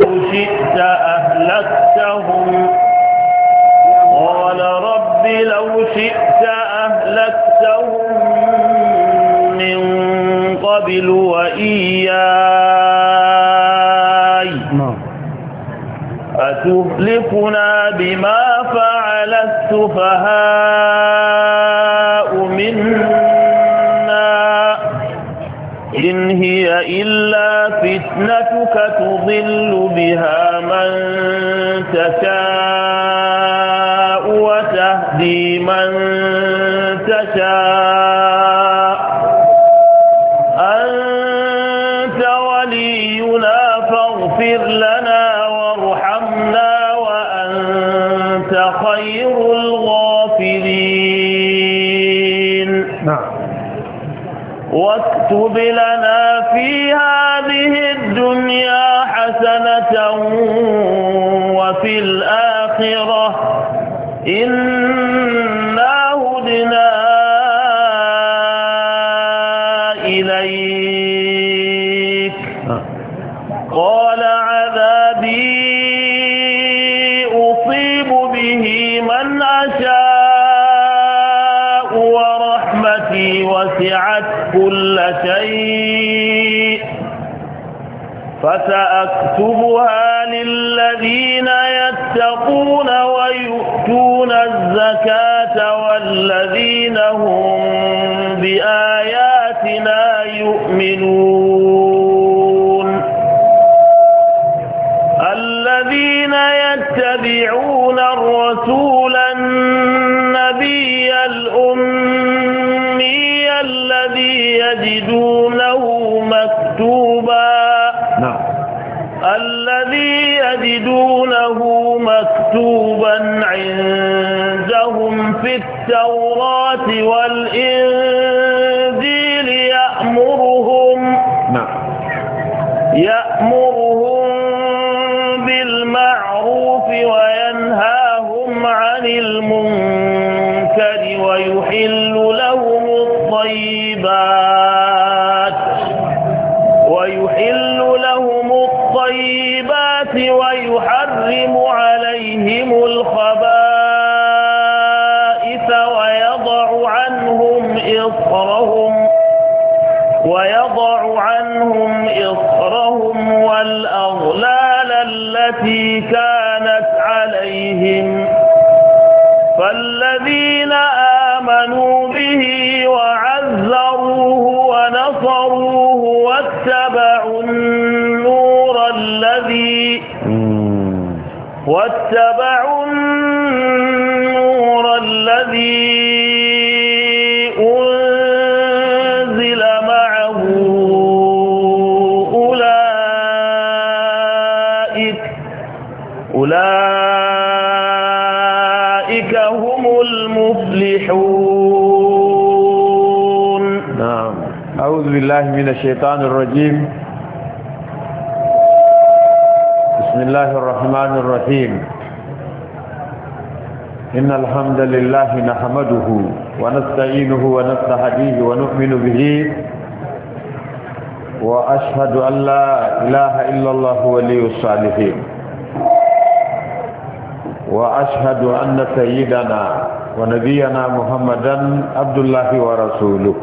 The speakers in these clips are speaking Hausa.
لو شئت أهلكتهم قال رب لو شئت أهلكتهم من قبل وإياي نعم. أتهلكنا بما فعل السفهاء منا إن هي إلا فتنتك تضل واكتب لنا في هذه الدنيا حسنة وفي الآخرة إنا هدنا إليك قال عذابي أصيب به من أشاء ورحمتي وسعت كل شيء فسأكتبها للذين يتقون ويؤتون الزكاة والذين هم بآياتنا يؤمنون الذي يجدونه مكتوبا عندهم في التوراة والإنجيل واتبعوا النور الذي أنزل معه أولئك أولئك هم المفلحون نعم أعوذ بالله من الشيطان الرجيم بسم الله الرحمن الرحيم إن الحمد لله نحمده ونستعينه ونستهديه ونؤمن به وأشهد أن لا إله إلا الله ولي الصالحين وأشهد أن سيدنا ونبينا محمدا عبد الله ورسوله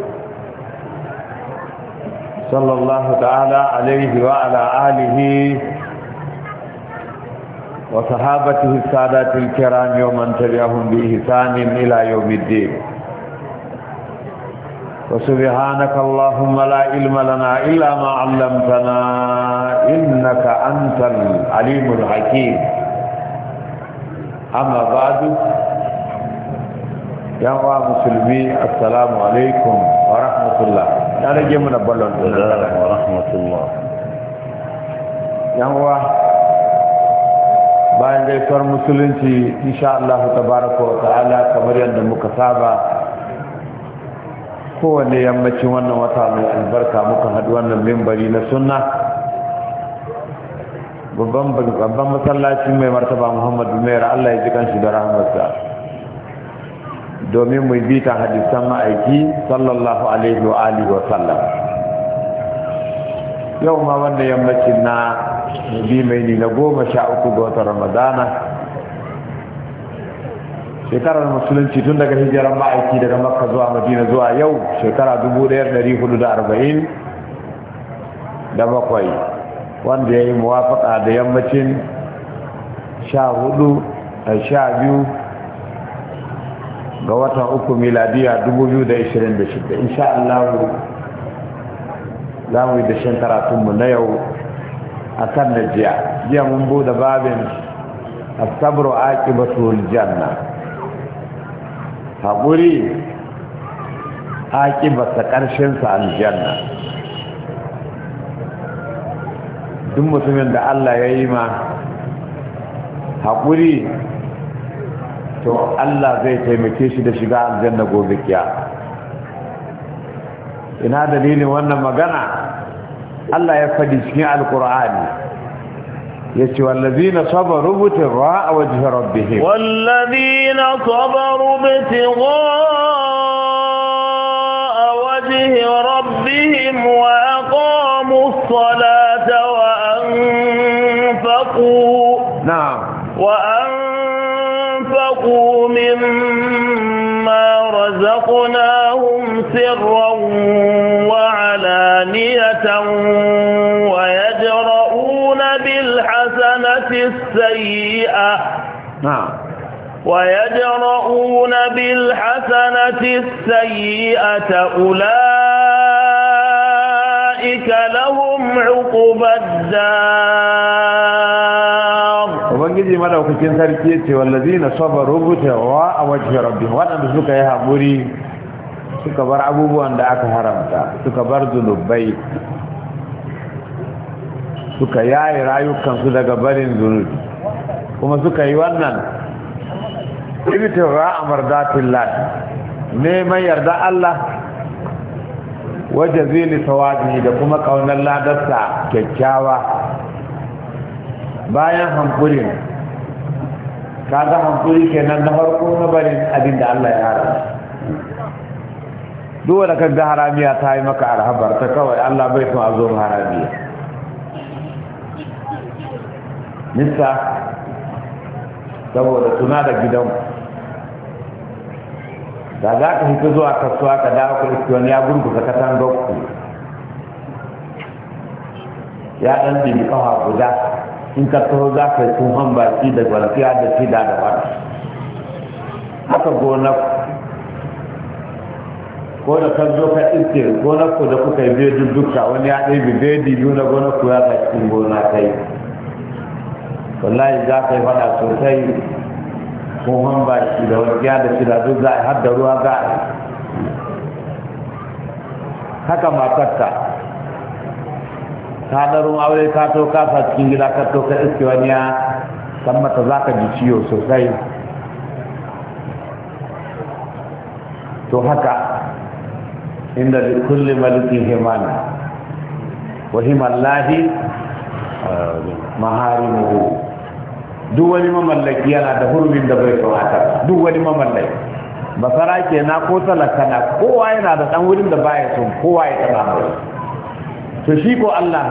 صلى الله تعالى عليه وعلى آله وصحابته السادات الكرام يوم تبعهم بإحسان إلى يوم الدين وسبحانك اللهم لا علم لنا إلا ما علمتنا إنك أنت العليم الحكيم أما بعد يا مسلمي السلام عليكم ورحمة الله أنا جمنا بلون ورحمة الله يا bayan gaisuwar musulunci insha Allah tabaraka wa ta'ala kamar yadda muka saba kowane yammacin wannan wata mai albarka muka hadu wannan mimbari na sunna babban masallaci mai martaba muhammadu mayar Allah ya ji kanshi da rahmarsa domin mu bi ta hadisan ma'aiki sallallahu alaihi wa alihi wa sallam yau ma wannan yammacin na bi mai ne na goma sha uku ga watan ramadana shekarar musulunci tun daga hijirar ma'aiki daga makka zuwa madina zuwa yau shekara 1447 da bakwai wanda ya yi muwafaka da yammacin sha hudu da sha biyu ga watan uku miladiya 2026 insha Allah za mu yi da shan karatunmu na yau akan na jiya jiya mun bude babin asabru aqibatul janna haƙuri aqibarsa ƙarshensa aljanna duk mutumin da Allah ya yi ma haƙuri to Allah zai taimake shi da shiga aljanna gobe kiya ina dalilin wannan magana الله يفدسك القرآن يسوى الذين صبروا بتغاء وجه ربهم والذين صبروا بتغاء وجه ربهم وأقاموا الصلاة وأنفقوا نعم وأنفقوا مما رزقناهم سرا ويجرؤون بالحسنة السيئة نعم ويجرؤون بالحسنة السيئة أولئك لهم عقبى الدار وبنجي ماذا وكتين ساركيتي والذين صبروا بتغواء وجه ربهم وانا بسوك يا هابوري suka bar abubuwan da aka haramta suka bar zunubai suka yaye rayukansu daga barin zunubi kuma suka yi wannan ibitin ra'amar zafin lati neman yarda Allah waje zini sawadi da kuma ƙaunar ladarsa kyakkyawa bayan hankulin kaga hankuli kenan na farko na barin abin da Allah ya haramta dole da ka ga haramiya ta yi maka arhabar ta kawai Allah bai son a zo haramiya nista saboda tuna da gidan da za ka fito zuwa kasuwa ka dawo ku iske wani ya gurgusa katangar ku ya ɗan ɗin guda in ka taho za ka yi tun baki da gwalafiya da fida da wata haka gonar ko da kan zo ka iske gonar ku da kuka yi bedu duka wani ya ɗaya bedi nuna gonar ku ya ka cikin gona kai wallahi za ka yi faɗa sosai kun ba shi da wani ya da shi da duk za a har da ruwa za a haka matarka ta ruwa aure ka to ka sa cikin gida ka to ka iske wani ya san mata za ka ji ciwo sosai to haka inda da kulle malikin himana wa himallahi maharimuhu duk wani mamallaki yana da hurumin da bai kawata duk wani mamallaki basara ke na ko talaka na kowa yana da dan wurin da baya son kowa ya taba mai to shi ko Allah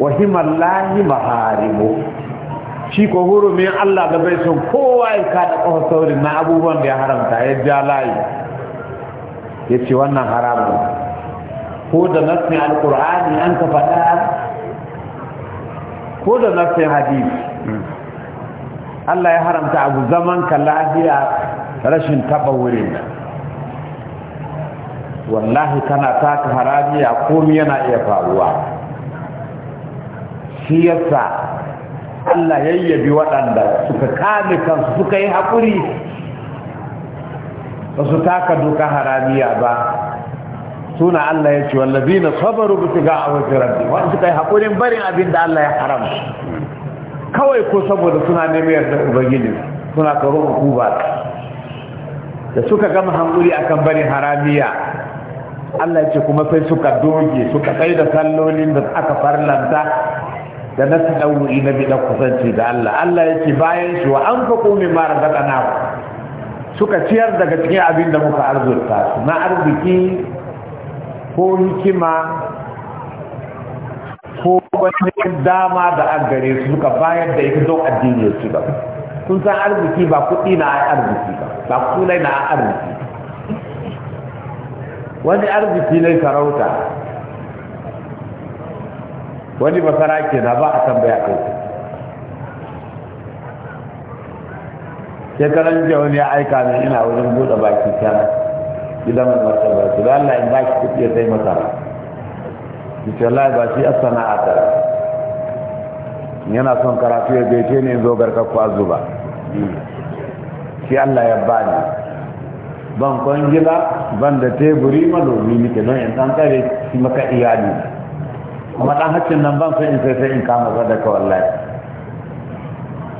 wa himallahi maharimu shi ko hurumin Allah da bai son kowa ya kada kafa saurin na abubuwan da ya haramta ya ja layi ya ce wannan haramun ko da nassin alkur'ani an ka faɗa ko da nassin hadisi Allah ya haramta abu zaman ka lafiya rashin taɓa wurin wallahi kana taka haramiya komi yana iya faruwa shi yasa Allah yayyabi waɗanda suka kame kansu suka yi haƙuri ba su taka doka haramiya ba suna Allah ya ce wallabi na sabaru ba su ga a wajen rabbi wani suka yi haƙurin barin abin da Allah ya haram kawai ko saboda suna neman yadda ubangiji suna karo hukuma da suka gama hankuri akan barin haramiya Allah ya ce kuma sai suka doge suka tsaye da sallolin da aka farlanta da na tsawo na kusanci da Allah Allah ya ce bayan shi wa an faƙo mai mara zaƙa suka ciyar daga cikin abin da muka arzuta su na arziki ko hikima ko wani dama da an gare su suka bayar da ita don addini su ba kun san arziki ba kuɗi na arziki ba ba kulai na arziki wani arziki ne sarauta wani basara ke na ba a tambaya kai karan jiya wani ya aika min ina wajen buɗe baki ta gidan mai martaba su da Allah in ba ki kuɗi ya sai masa ki ce Allah ba shi asana a tara yana son karatu ya gaishe ne zo garka kwazo ba shi Allah ya ba ni ban kwangila ban da teburi malomi nike don in ɗan tsare shi maka iyali kuma ɗan haccin nan ban sai in sai sai in kama sadaka wallahi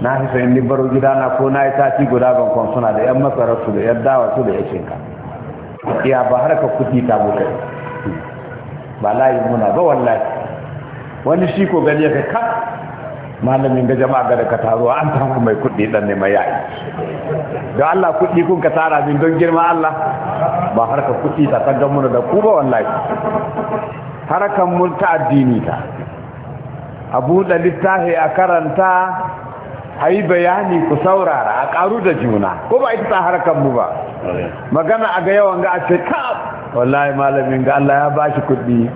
na fi sayan ni baro gida na ko na yi sati guda ban kwan suna da yan masarar su da yadda dawa su da ya ka iya ba har ka kuti ta buka ba layi muna ba wallahi wani shi ko gani ya ka malamin ga jama'a ga da ka taruwa an tamu mai kuɗi dan ne mai yayi don Allah kuɗi kun ka tara min don girma Allah ba har ka kuɗi ta kan muna da ku ba wallahi harakan multa addini ta abu da littafi a karanta a yi bayani ku saurara a karu da juna ko ba ita ta harkar mu ba magana a ga yawan ga a ce ka wallahi malamin ga Allah ya ba shi kuɗi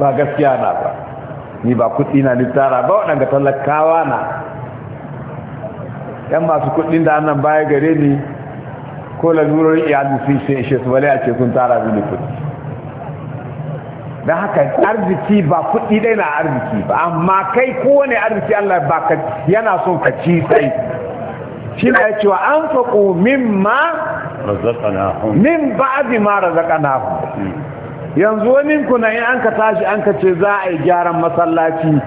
ba gaskiya na ba ni ba kuɗi na ni tara ba waɗanda talakawa na yan masu kuɗin da annan baya gare ni ko lalurar iyali sun sai shi su a ce kun tara mini kuɗi don haka arziki ba kuɗi ɗaya na arziki ba amma kai kowane arziki Allah ba ka yana son ka ci sai shi hmm. na cewa an faƙo min ma min ba'adi ma yanzu wani kuna in an ka tashi an ka ce za a yi gyaran masallaci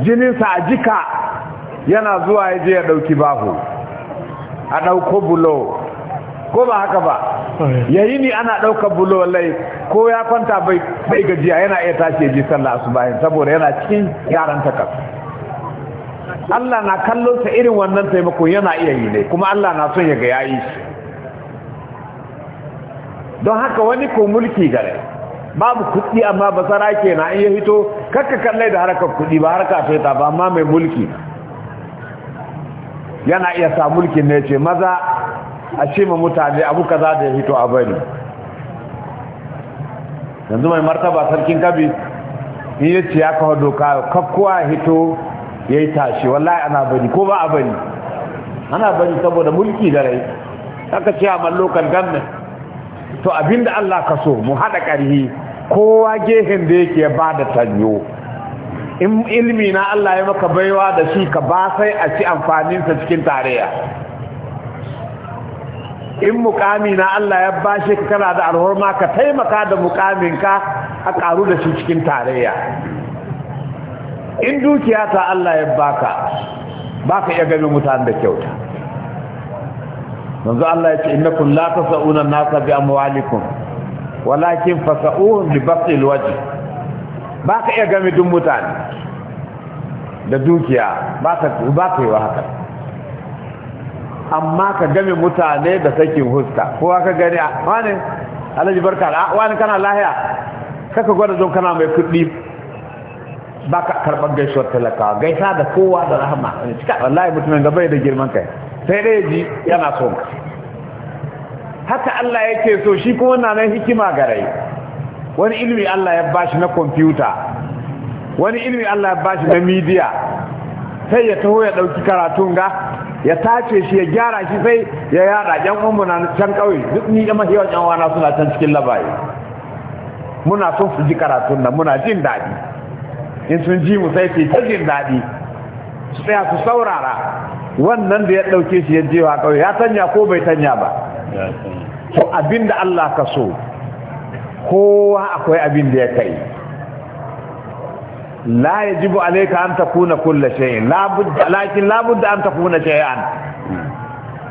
jininsa a jika yana zuwa ya je ya ɗauki baho a ɗauko bulo ko ba haka ba yayi ni ana ɗaukar bulo wallahi ko ya kwanta bai bai gajiya yana iya tashi ji sallah asubahin saboda yana cikin yaran takas Allah na kallo sa irin wannan taimako yana iya yi ne kuma Allah na son ya ga yayi don haka wani ko mulki gare babu kuɗi amma basara na in ya hito kakka kallai da harkar kuɗi ba harka ta ba amma mai mulki yana iya sa mulkin ne ce maza a ce ma mutane abu kaza da ya hito a bari yanzu mai martaba sarkin kabi in yi ce ya kawo doka kakkuwa hito ya yi tashi wallahi ana bari ko ba a bari ana bari saboda mulki da rai aka ce a mallokan ganna to abinda Allah ka so mu haɗa ƙarhi kowa gehen da yake ba da tanyo in ilmi na Allah ya maka baiwa da shi ka ba sai a ci amfaninsa cikin tarayya in mukami na Allah ya bashe ka kana da alhorma ka taimaka da mukaminka a karu da shi cikin tarayya in dukiya ta Allah ya baka baka iya gami mutane da kyauta manzo Allah ya ce innakum la tasawuna an-nasa bi amwalikum walakin fasa'uhum bi batil wajh baka iya gami duk mutane da dukiya baka baka yi wa haka amma ka game mutane da sakin huska kowa ka gani a ah, wani alaji barka da ah, wani kana lahiya kaka gwada zon kana mai kudi ba ka karɓar gaisuwar talakawa gaisa da kowa da rahama cika wallahi mutumin gaba da girman kai sai dai ji yana so haka Allah yake so shi kuma na nan hikima garai wani ilmi Allah ya bashi na kwamfuta wani ilmi Allah ya bashi na midiya sai ya taho ya ɗauki karatun ga ya tace shi ya gyara shi sai ya yada yan umu na can kauye duk ni da mahiyar yan wana suna can cikin labaye muna son su ji karatun nan muna jin daɗi in sun ji mu sai su ta jin daɗi su tsaya su saurara wannan da ya ɗauke shi ya je wa kauye ya tanya ko bai tanya ba to abinda Allah ka so kowa akwai abin da ya kai la yajibu alayka an takuna kulla shay'in la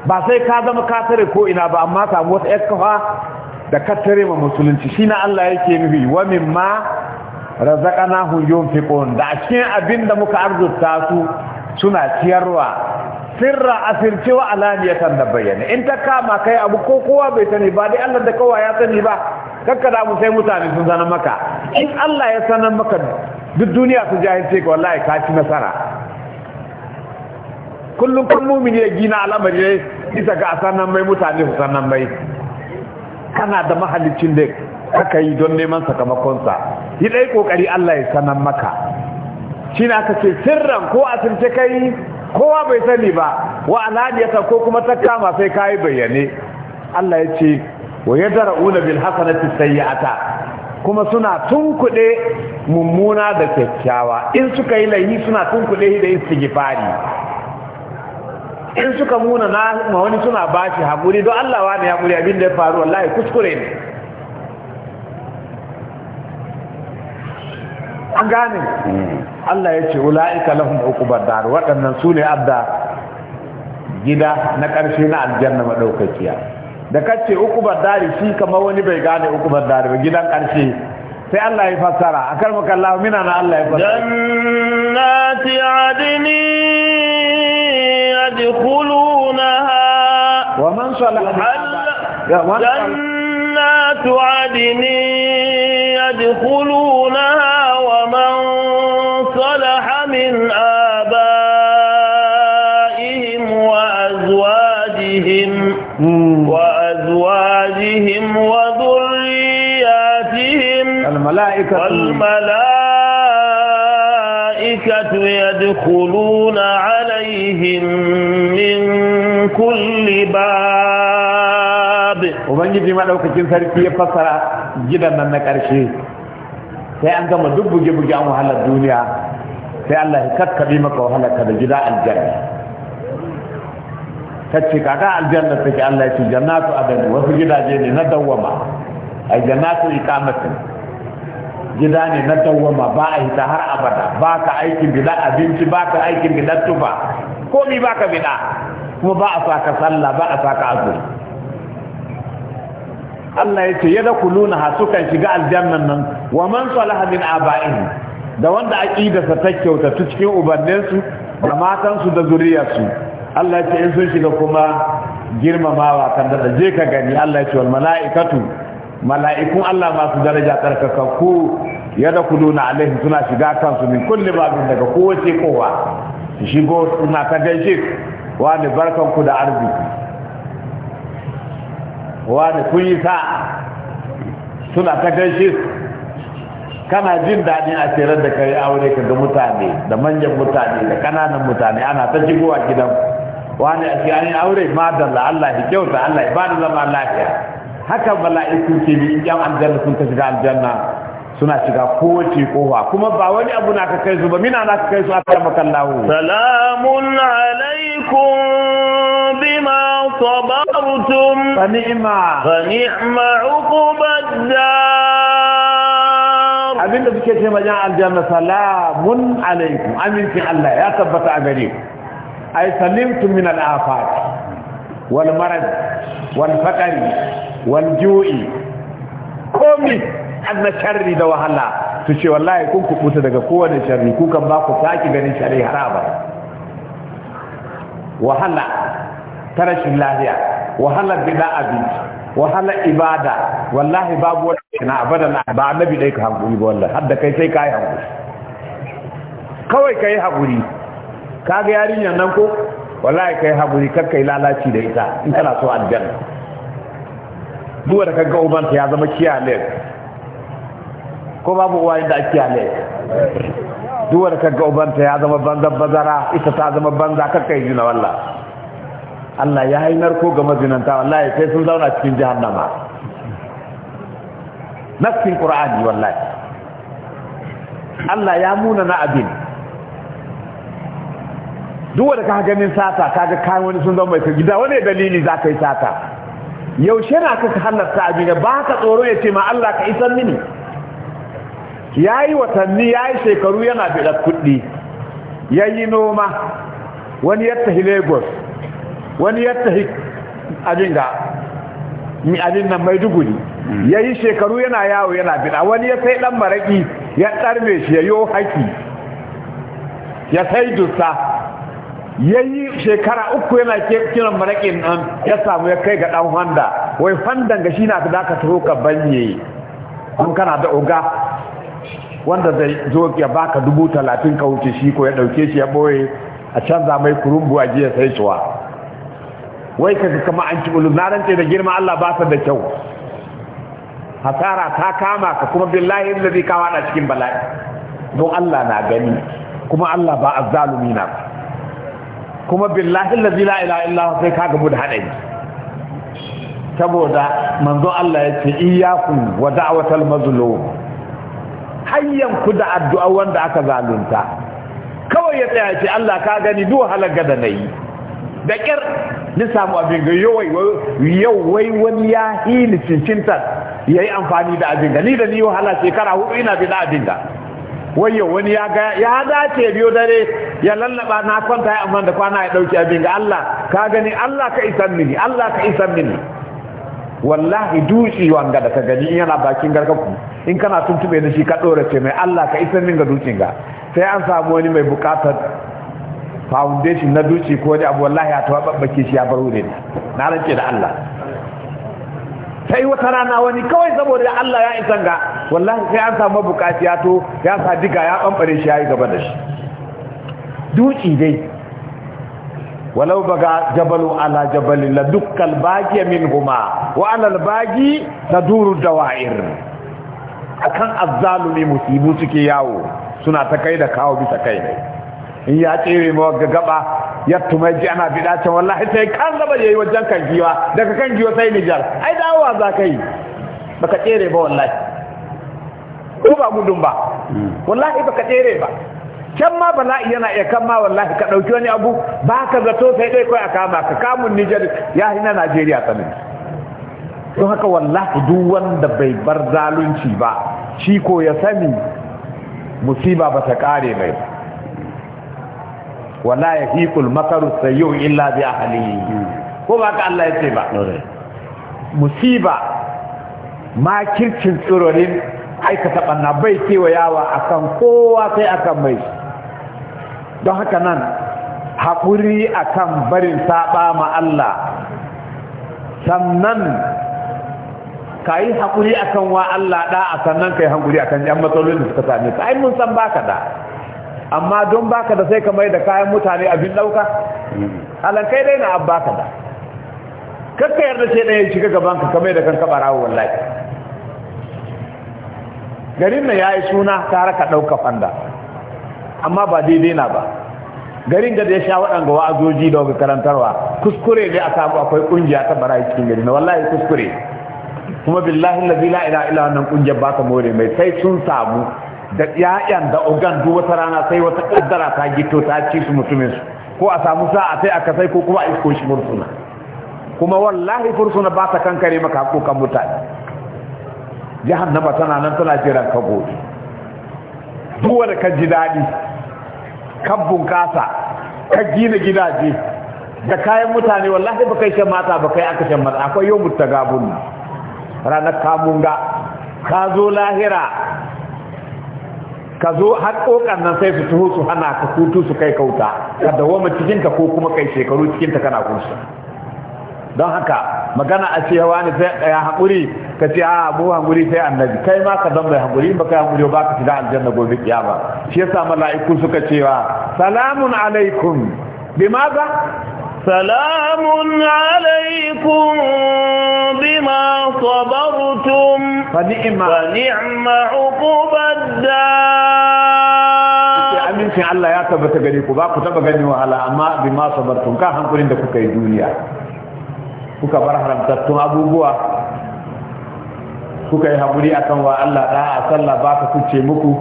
ba sai ka zama ka tare ko ina ba amma ka wata iskafa da ka tare ma musulunci na Allah yake nufi wa mimma razaqnahum yunfiqun da cikin abin da muka arzuta su suna ciyarwa sirra sirce wa alaniyatan da bayyana in ta kama kai abu ko kowa bai sani ba dai Allah da kowa ya sani ba kakkada mu sai mutane sun sanar maka in Allah ya sanar maka duk duniya su jahilce ka wallahi ka ci nasara kullum kan mumini ya gina al'amari ne bisa ga sanan mai mutane su sanan mai kana da mahallicin da kaka yi don neman sakamakonsa yi dai kokari Allah ya sanar maka shi na aka ce sirran ko asirce kai kowa bai sani ba wa alaniyata ko kuma ta kama sai kayi bayyane Allah ya ce wa una bil hasanati sayyata kuma suna tunkuɗe mummuna da kyakkyawa in suka yi laihi suna tunkuɗe da istighfari in suka muna na wani suna bashi hakuri don Allah wani hakuri abin da ya faru wallahi kuskure ne an gane Allah ya ce ula'ika lahum uqubad dar waɗannan su ne adda gida na ƙarshe na aljanna madaukakiya da kace uqubad dar shi kamar wani bai gane uqubad dar ba gidan ƙarshe sai Allah ya fassara akar maka Allah mina na Allah ya fassara jannati adni yadkhulunaha wa man salaha jannatu adni yadkhulunaha والملائكة والملائكة يدخلون عليهم من كل باب وبنجي ما لو كنت سارك في فسرة جدا من نكرشي في عندما دب جب جام على الدنيا في الله كت كبيمة وهلا كذا جدا الجنة تشي كذا الجنة في الله في جنات أبد وفي جدا جنة ندوما أي جنات إقامة gida ne na dawwama ba a hita har abada ba ka aikin bida abinci ba ka aikin bida tufa komi ba ka bida kuma ba a sa ka sallah ba a sa ka azu Allah ya ce ya da kuluna ha sukan shiga aljannan nan wa man salaha min aba'in da wanda sa ta kyautatu cikin ubanninsu da matansu da zuriyarsu Allah ya ce in sun shiga kuma girmamawa kan da je ka gani Allah ya ce wal mala'ikatu mala'ikun Allah masu daraja tsarkakakku ya da ku na alaihi suna shiga kansu min kulle babin daga kowace kowa su shigo suna ta gaishe wani barkanku da arziki wani kun yi sa suna ta gaishe kana jin daɗin a tsere da kai aure ka ga mutane da manyan mutane da ƙananan mutane ana ta shigowa gidan wani a an yi aure ma da Allah ya kyauta Allah ya ba da zama lafiya haka mala'iku ke bi in aljanna sun ta shiga aljanna suna shiga kowace kowa kuma ba wani abu na ka kai su ba mina na ka kai su aka maka lahu salamun alaikum bima sabartum fa ni'ma fa ni'ma uqbad abin da suke ce majan aljanna salamun alaikum amincin Allah ya tabbata a gare ku ay salimtum min al-afat wal marad wal wal ju'i komi anna sharri da wahala su ce wallahi kun kusa daga kowane sharri kukan ba ku saki ganin sharri haraba wahala ta rashin lafiya wahala bida abinci wahala ibada wallahi babu wani na abada na ba annabi dai ka hankuri ba wallahi hadda kai sai kai hankuri kawai kai hakuri kaga yarinyar nan ko wallahi kai hakuri kakkai lalaci da ita in kana so aljanna duwa da kaga ubanta ya zama kiyale ko babu uwa inda a kiyale duwa da kaga ubanta ya zama banzan bazara ita ta zama banza kakka yi zina walla Allah ya hainar ko ga mazinanta wallahi sai sun zauna cikin jahannama nassin qur'ani wallahi Allah ya muna na abin duwa da ka ganin sata ga kayan wani sun zama mai gida wani dalili za ka yi sata yaushe na ka halarta da ba ka tsoro ya ce ma Allah ka isan mini ya yi watanni ya yi shekaru yana biɗar kuɗi ya yi noma wani ya tafi lagos wani ya tafi abin ga abin nan maiduguri mm. ya yi shekaru yana yawo yana biɗa wani ya sai ɗan maraƙi ya ɗarme shi ya yi haƙi ya sai dusa yayi shekara uku yana kiran maraƙin nan ya samu ya kai ga ɗan handa wai fandan ga shi na da ka turo ka banye kun kana da oga wanda zai zo ya baka dubu talatin ka wuce shi ko ya ɗauke shi ya ɓoye a canza mai kurumbu a jiya sai tuwa wai ka kama an ci na rance da girma Allah ba da kyau hasara ta kama ka kuma billahi da zai kawo cikin bala'i don Allah na gani kuma Allah ba azzalumi na kuma billahi allazi la ilaha illa sai ka gamu da hadari saboda manzo Allah ya ce iyyakum wa da'watal mazlum hayyan ku da addu'a wanda aka zalunta kawai ya tsaya ce Allah ka gani duk halaga da nayi da kyar ni samu abin ga yau yau wai wani ya hili cincinta yayi amfani da abin ga ni da ni wahala shekara hudu ina bi da abin da wayo wani ya ga ya dace biyo dare ya lallaba na kwanta amma da kwana ya dauki abin ga Allah ka gani Allah ka isan mini Allah ka isan mini wallahi duci wanga da ka gani yana bakin garka in kana tuntube da shi ka dora ce mai Allah ka isan min ga dutsen ga sai an samu wani mai bukatar foundation na duci ko da abu wallahi ya tawabbake shi ya baro ne na rance da Allah Ta yi wata rana wani kawai saboda Allah ya isan ga wallahi sai an samu bukaci ya to ya sa diga ya bambare shi yayi gaba da shi duki dai walau baga jabalu ala jabali la dukkal baqi huma wa ala al baqi taduru dawair akan azzalumi musibu suke yawo suna ta kai da kawo bisa kai ne in ya tsere ma ga gaba ya ji ana bida can wallahi sai kan gaba yayi wajen kan giwa daga kan giwa sai Nijar ai dawowa za ka yi baka tsere ba wallahi ko ba gudun ba wallahi baka tsere ba can ma bala yana iya kan ma wallahi ka dauki wani abu ba ka zato sai dai kai a kama ka kamun Nijar ya hina Najeriya tsanin don haka wallahi duk wanda bai bar zalunci ba shi ko ya sani musiba ba ta kare mai ba wala ya yahiqul makaru sayu illa bi ahlihi ko ba ka Allah yace ba musiba makircin tsoronin aikata banna bai kewayawa akan kowa sai akan mai don haka nan haƙuri akan barin saba ma Allah sannan ka yi haƙuri akan wa Allah da a sannan ka yi haƙuri akan yan matsalolin da suka sami ka ai mun san baka da amma don baka da sai ka mai da kayan mutane abin dauka hmm. alankai dai na abba ka da kakka yarda ce ɗaya shiga gaban ka kamar da kanka barawo wallahi garin na yayi suna tare ka ɗauka fanda amma ba daidai na ba garin da ya sha waɗanga wa'azoji da waga karantarwa kuskure ne a samu akwai ƙungiya ta barayi cikin gari na wallahi kuskure kuma billahi la ila ila wannan ƙungiyar baka more mai sai sun samu da yayan da ogan duk wata rana sai wata kaddara ta gito ta ci su mutumin su ko a samu sa a sai aka sai ko kuma a isko shi mursuna kuma wallahi fursuna ba ta kankare maka kan mutane jahannama tana nan tana jiran ka gobe duk wanda ka ji daɗi ka bunkasa ka gina gidaje da kayan mutane wallahi ba kai shan mata ba kai aka shan mata akwai yau mutagabun ranar kamunga ka zo lahira ka zo har kokan nan sai su tuho su hana ka kutu su kai kauta ka dawoma cikin ta ko kuma kai shekaru cikin ta kana kusa don haka magana a ce yawa ne sai ya haƙuri ka ce a mu sai annabi kai ma ka zama mai haƙuri ba ka haƙuri ba ka shiga aljanna gobe kiyama shi yasa mala'iku suka cewa salamun alaikum bimaza salamun alaikum bima sabartum fa ni'ma fa ni'ma hukuncin Allah ya tabbata gare ku ba ku taba gani wahala amma bi ma sabartun ka hankulin da kuka yi duniya kuka bar haramtattun abubuwa kuka yi haƙuri akan wa Allah a sallah ba ka kuce muku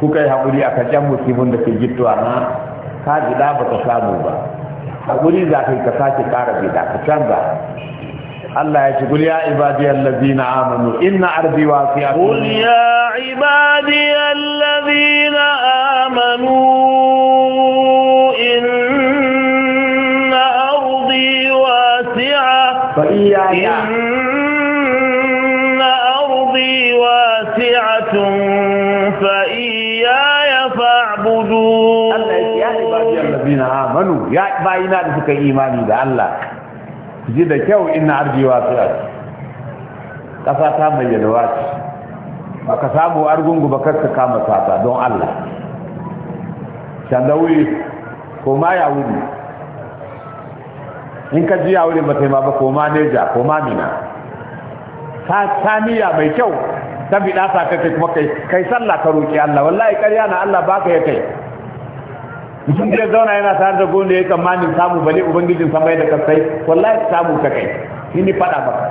kuka yi haƙuri kan ƴan musibin da ke gittuwa na ka gida ba ka samu ba haƙuri za ka yi ka sake ƙara da ka canza الله يقول يا عبادي الذين آمنوا إن أرضي واسعة قل يا عبادي الذين آمنوا إن أرضي واسعة إن أرضي واسعة فإياي فاعبدون يا عبادي الذين آمنوا يا باينا لسك إيماني ده الله جدا كيو إن أرضي واسعة ƙasa ta mai yalwa ce ba ka samu argungu ba ka kama sata don Allah shandawi ko ma ya wuri in ka ji ya wuri ba ta ma ba ko ma neja ko ma mina ta saniya mai kyau ta bi ɗasa ka kai kuma kai sallah ka roƙi Allah wallahi ƙarya na Allah baka ya kai mutum da zauna yana sa da gonda ya yi tsammanin samu bane ubangijin sama da kasai wallahi samu ka kai shi ni faɗa maka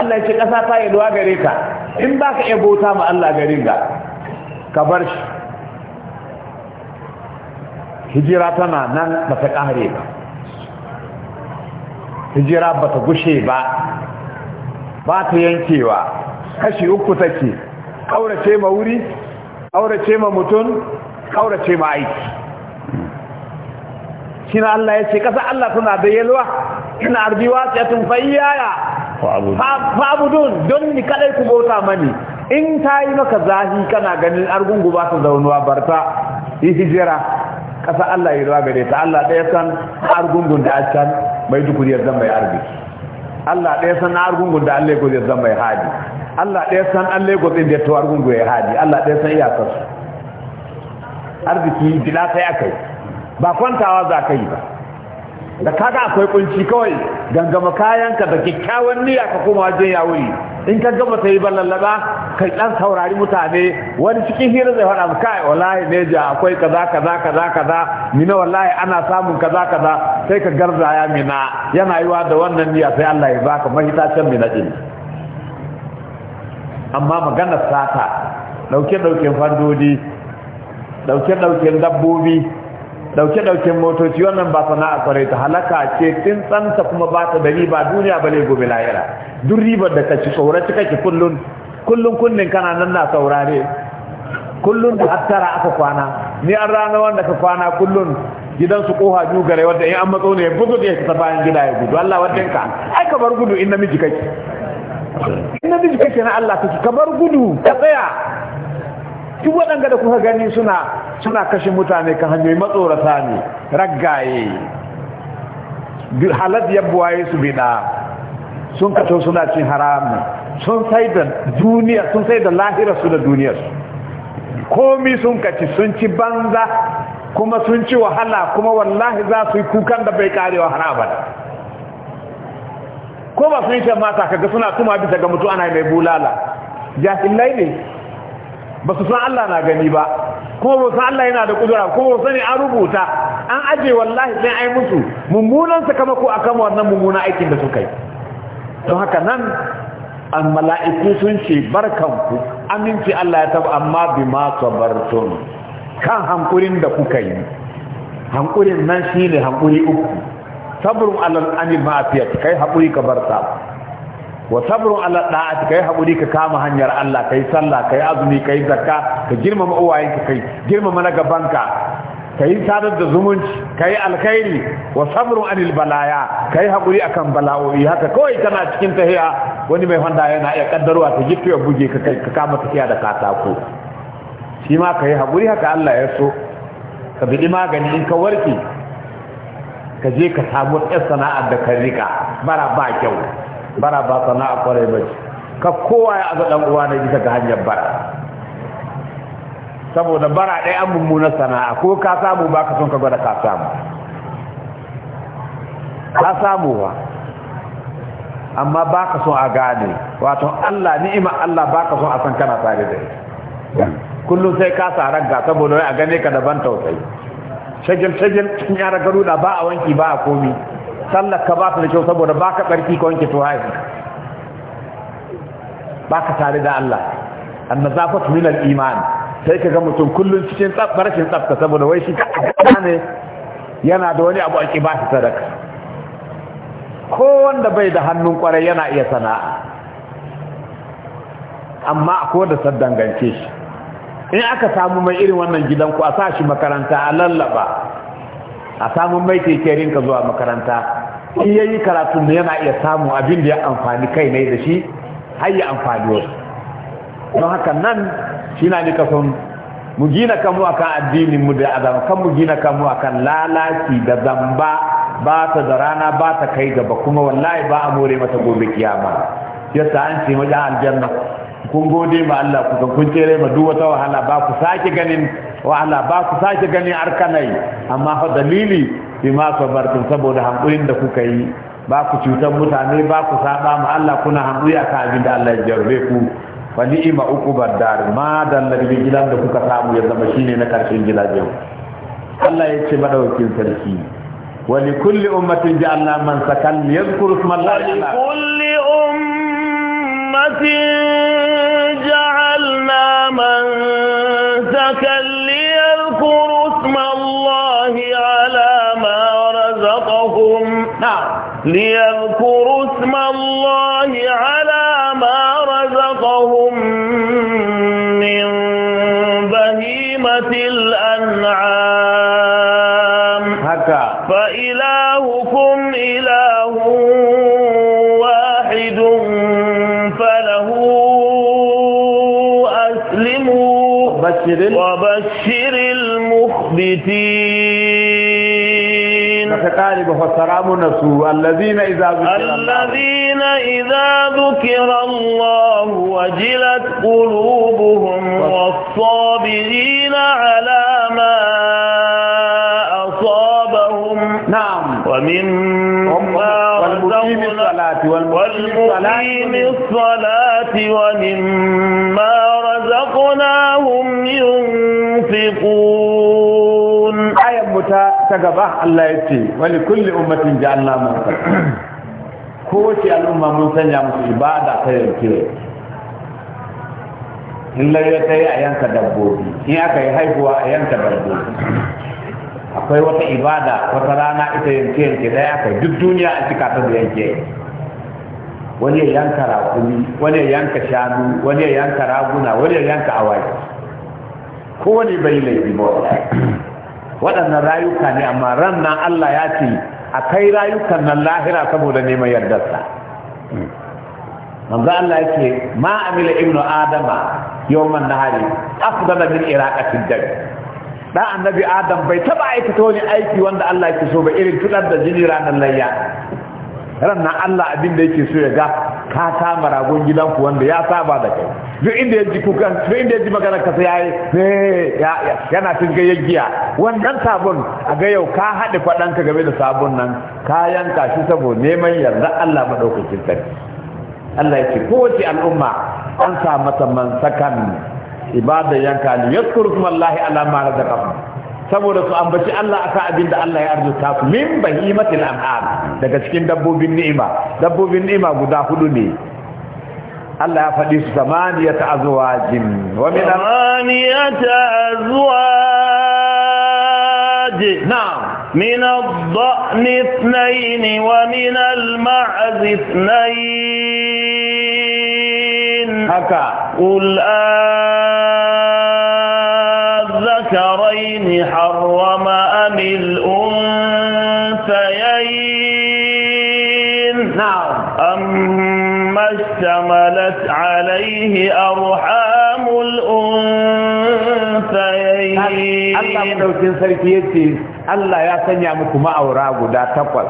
Allah ya ce ƙasa ta yalwa gare ka in baka iya bauta ma Allah garin ga ka bar shi hijira tana nan ba ta ƙare ba hijira ba ta gushe ba ba ta yankewa kashi uku take ƙaurace ma wuri ƙaurace ma mutum ƙaurace ma aiki shi Allah ya ce ƙasa Allah tana da yalwa ina ya wasiyatun fayyaya fa'abudun don ni kadai ku bauta mani in ta yi maka zahi kana ganin argungu ba su zaunuwa barta yi hijira ƙasa Allah yi ruwa gare ta Allah ɗaya san argungun da can mai kuriyar zan mai arbi Allah ɗaya san argungun da Allah ya zan mai hadi Allah ɗaya san Allah ya gozin da ta argungu ya hadi Allah ɗaya san iyakar su arziki bila sai aka yi ba kwantawa za ka yi ba da kaga akwai kunci kawai gangama kayanka da kyakkyawan niyya ka koma wajen yawuri in ka gama ta yi ballallaba ka dan saurari mutane wani cikin hira zai faɗa kai wallahi ne ja akwai kaza kaza kaza kaza na wallahi ana samun kaza kaza sai ka garzaya mina yana yiwa da wannan niyya sai Allah ya baka mahita can mina din amma magana sata dauke dauke fandodi dauke dauke dabbobi dauke dauke motoci wannan ba sana'a kwarai ta halaka ce tun tsanta kuma ba ta da ba duniya bale gobe lahira duk ribar da ka ci ci kake kullun kullun kunnin kana nan na saurare kullun da hattara aka kwana ni an rana wanda ka kwana kullun gidansu koha biyu gare wanda in an matso ne bugu da ya ta bayan gida ya gudu Allah wajen ka ai ka bar gudu in namiji kake in namiji kake na Allah kake ka bar gudu ka tsaya duk waɗanda da kuka gani suna suna kashe mutane kan hanyoyi matsorata ne raggaye halar ya buwaye su bina sun kato suna cin haramun sun sai da duniya sun sai da lahirarsu da duniyarsu komi sun kaci sun ci banza kuma sun ci wahala kuma wallahi za su yi kukan da bai karewa wa abada ko ba sun yi shan mata kaga suna tuma bisa ga mutu ana mai bulala jahilai ne ba su san Allah na gani ba kuma ba san Allah yana da kudura kuma ba sani an rubuta an aje wallahi sai ai musu mummunan sakamako akan wannan mummunan aikin da suka yi don haka nan an mala'iku sun ce barkanku aminci Allah ya taba amma bi ma sabartum kan hankurin da kuka yi hankurin nan shine hankuri uku sabrun alal anil ma'afiyat kai hakuri ka bar wa sabrun ala da'ati kai hakuri ka kama hanyar Allah kai sallah kai azumi kai zakka ka girmama uwayenka kai girmama na gabanka kai sadar da zumunci kai alkhairi wa sabrun anil balaya kai hakuri akan bala'o'i haka kawai kana cikin tahiya wani mai fanda yana iya kaddarwa ta gitto ya buge ka kai ka kama tafiya da katako shi ma kai hakuri haka Allah ya so ka bi magani in ka warke ka je ka samu ɗan sana'ar da ka rika mara ba kyau bara ba sana'a kwarai ba ce ka kowa ya azu ɗan uwa na bisa ga hanyar bara saboda bara ɗaya an mummunar sana'a ko ka samu ba ka son ka gwada ka samu ka samu ba amma ba ka son a gane wato Allah ni'ima Allah ba ka son a san kana tare da kullum sai ka sa ragga saboda wai a gane ka daban tausayi shagil shagil ya ragaru da ba a wanki ba a komi sallar ka ba ta da kyau saboda ba ka ƙarfi ka wanke tuhaji ba ka tare da Allah ka tuni lal iman sai ka ga mutum kullum cikin tsabbarkin tsabta saboda wai shi ka ne yana da wani abu a shi sadaka ko wanda bai da hannun kwarai yana iya sana'a amma a da gance shi in aka samu mai irin wannan gidan ku a sa shi makaranta a lallaba a samun mai keke rinka zuwa makaranta in ya yi karatun da yana iya samu abin da ya amfani kai ne da shi har ya amfani wasu don haka nan shi na nika son mu gina kanmu akan addinin mu da azama kan mu gina kanmu akan lalaci da zamba ba ta da rana ba ta kai gaba kuma wallahi ba a more mata gobe kiyama yasa an ce wajen aljanna kun gode ma Allah ku kun tere ma duk wata wahala ba ku sake ganin wahala ba ku sake ganin arkanai amma fa dalili bima sabartum saboda hankulin da kuka yi ba ku cutar mutane ba ku saba ma Allah kuna hankuli akan abin da Allah ya jarbe ku fa ni'ima ba dar ma da bi gidan da kuka samu ya zama shine na karshen gidajen Allah ya ce madaukin sarki wa li kulli ummatin ja'alna man sakan yadhkuru isma Allah wa kulli ummatin ja'alna man sakan li واذكروا اسم الله على ما رزقهم نعم. ليذكروا اسم الله على ما رزقهم قالب فسلام نسو الذين إذا ذكر الذين إذا ذكر الله وجلت قلوبهم والصابرين على ما أصابهم نعم ومن والمقيم الصلاة ومما رزقناهم ينفقون ta gaba Allah ya ce wani kulli ummatin ja'alna ko kowace al'umma mun sanya musu ibada ta yanke in lalle ta yi a yanka dabbobi in aka yi haihuwa a yanka dabbobi akwai wata ibada wata rana ita yanke yanke daya aka duk duniya a cika ta da yanke wani ya yanka rakumi wani ya yanka shanu wani ya yanka raguna wani ya yanka awaki kowane bai laifi ba waɗannan rayuka ne amma ran nan Allah ya ce a kai rayukan nan lahira saboda neman yardarsa manzo Allah yake ma amila ibnu adama yawman nahari afdala min iraqatid dam da annabi adam bai taba aikata wani aiki wanda Allah yake so ba irin tudar da jini ranar layya na Allah abin da yake so ya ga ka kama ragon gidan ku wanda ya saba da kai duk inda ya ji duk inda ya magana ka sai yayi eh, yana cin gayyar giya wannan sabon a ga yau ka haɗe faɗan ka game da sabon nan ka yanka shi saboda neman yarda Allah madaukakin sarki Allah ya ce kowace al'umma an sa mata man sakan ibada yanka ni yaskurukum Allah ala ma razaqakum saboda su ambaci Allah akan abin da Allah ya arzuta su min bahimatil an'am daga cikin dabbobin ni'ima dabbobin ni'ima guda hudu ne Allah ya faɗi su samaniyat jin wa min samaniyat azwaj na'am من الضأن اثنين ومن المعز اثنين هكا قل آه الذكرين حرم أم الأنثيين نعم أما اشتملت عليه أرحام الأنثيين الله مدوكين سيكيتي الله يسني عمكم أوراق دا تقوى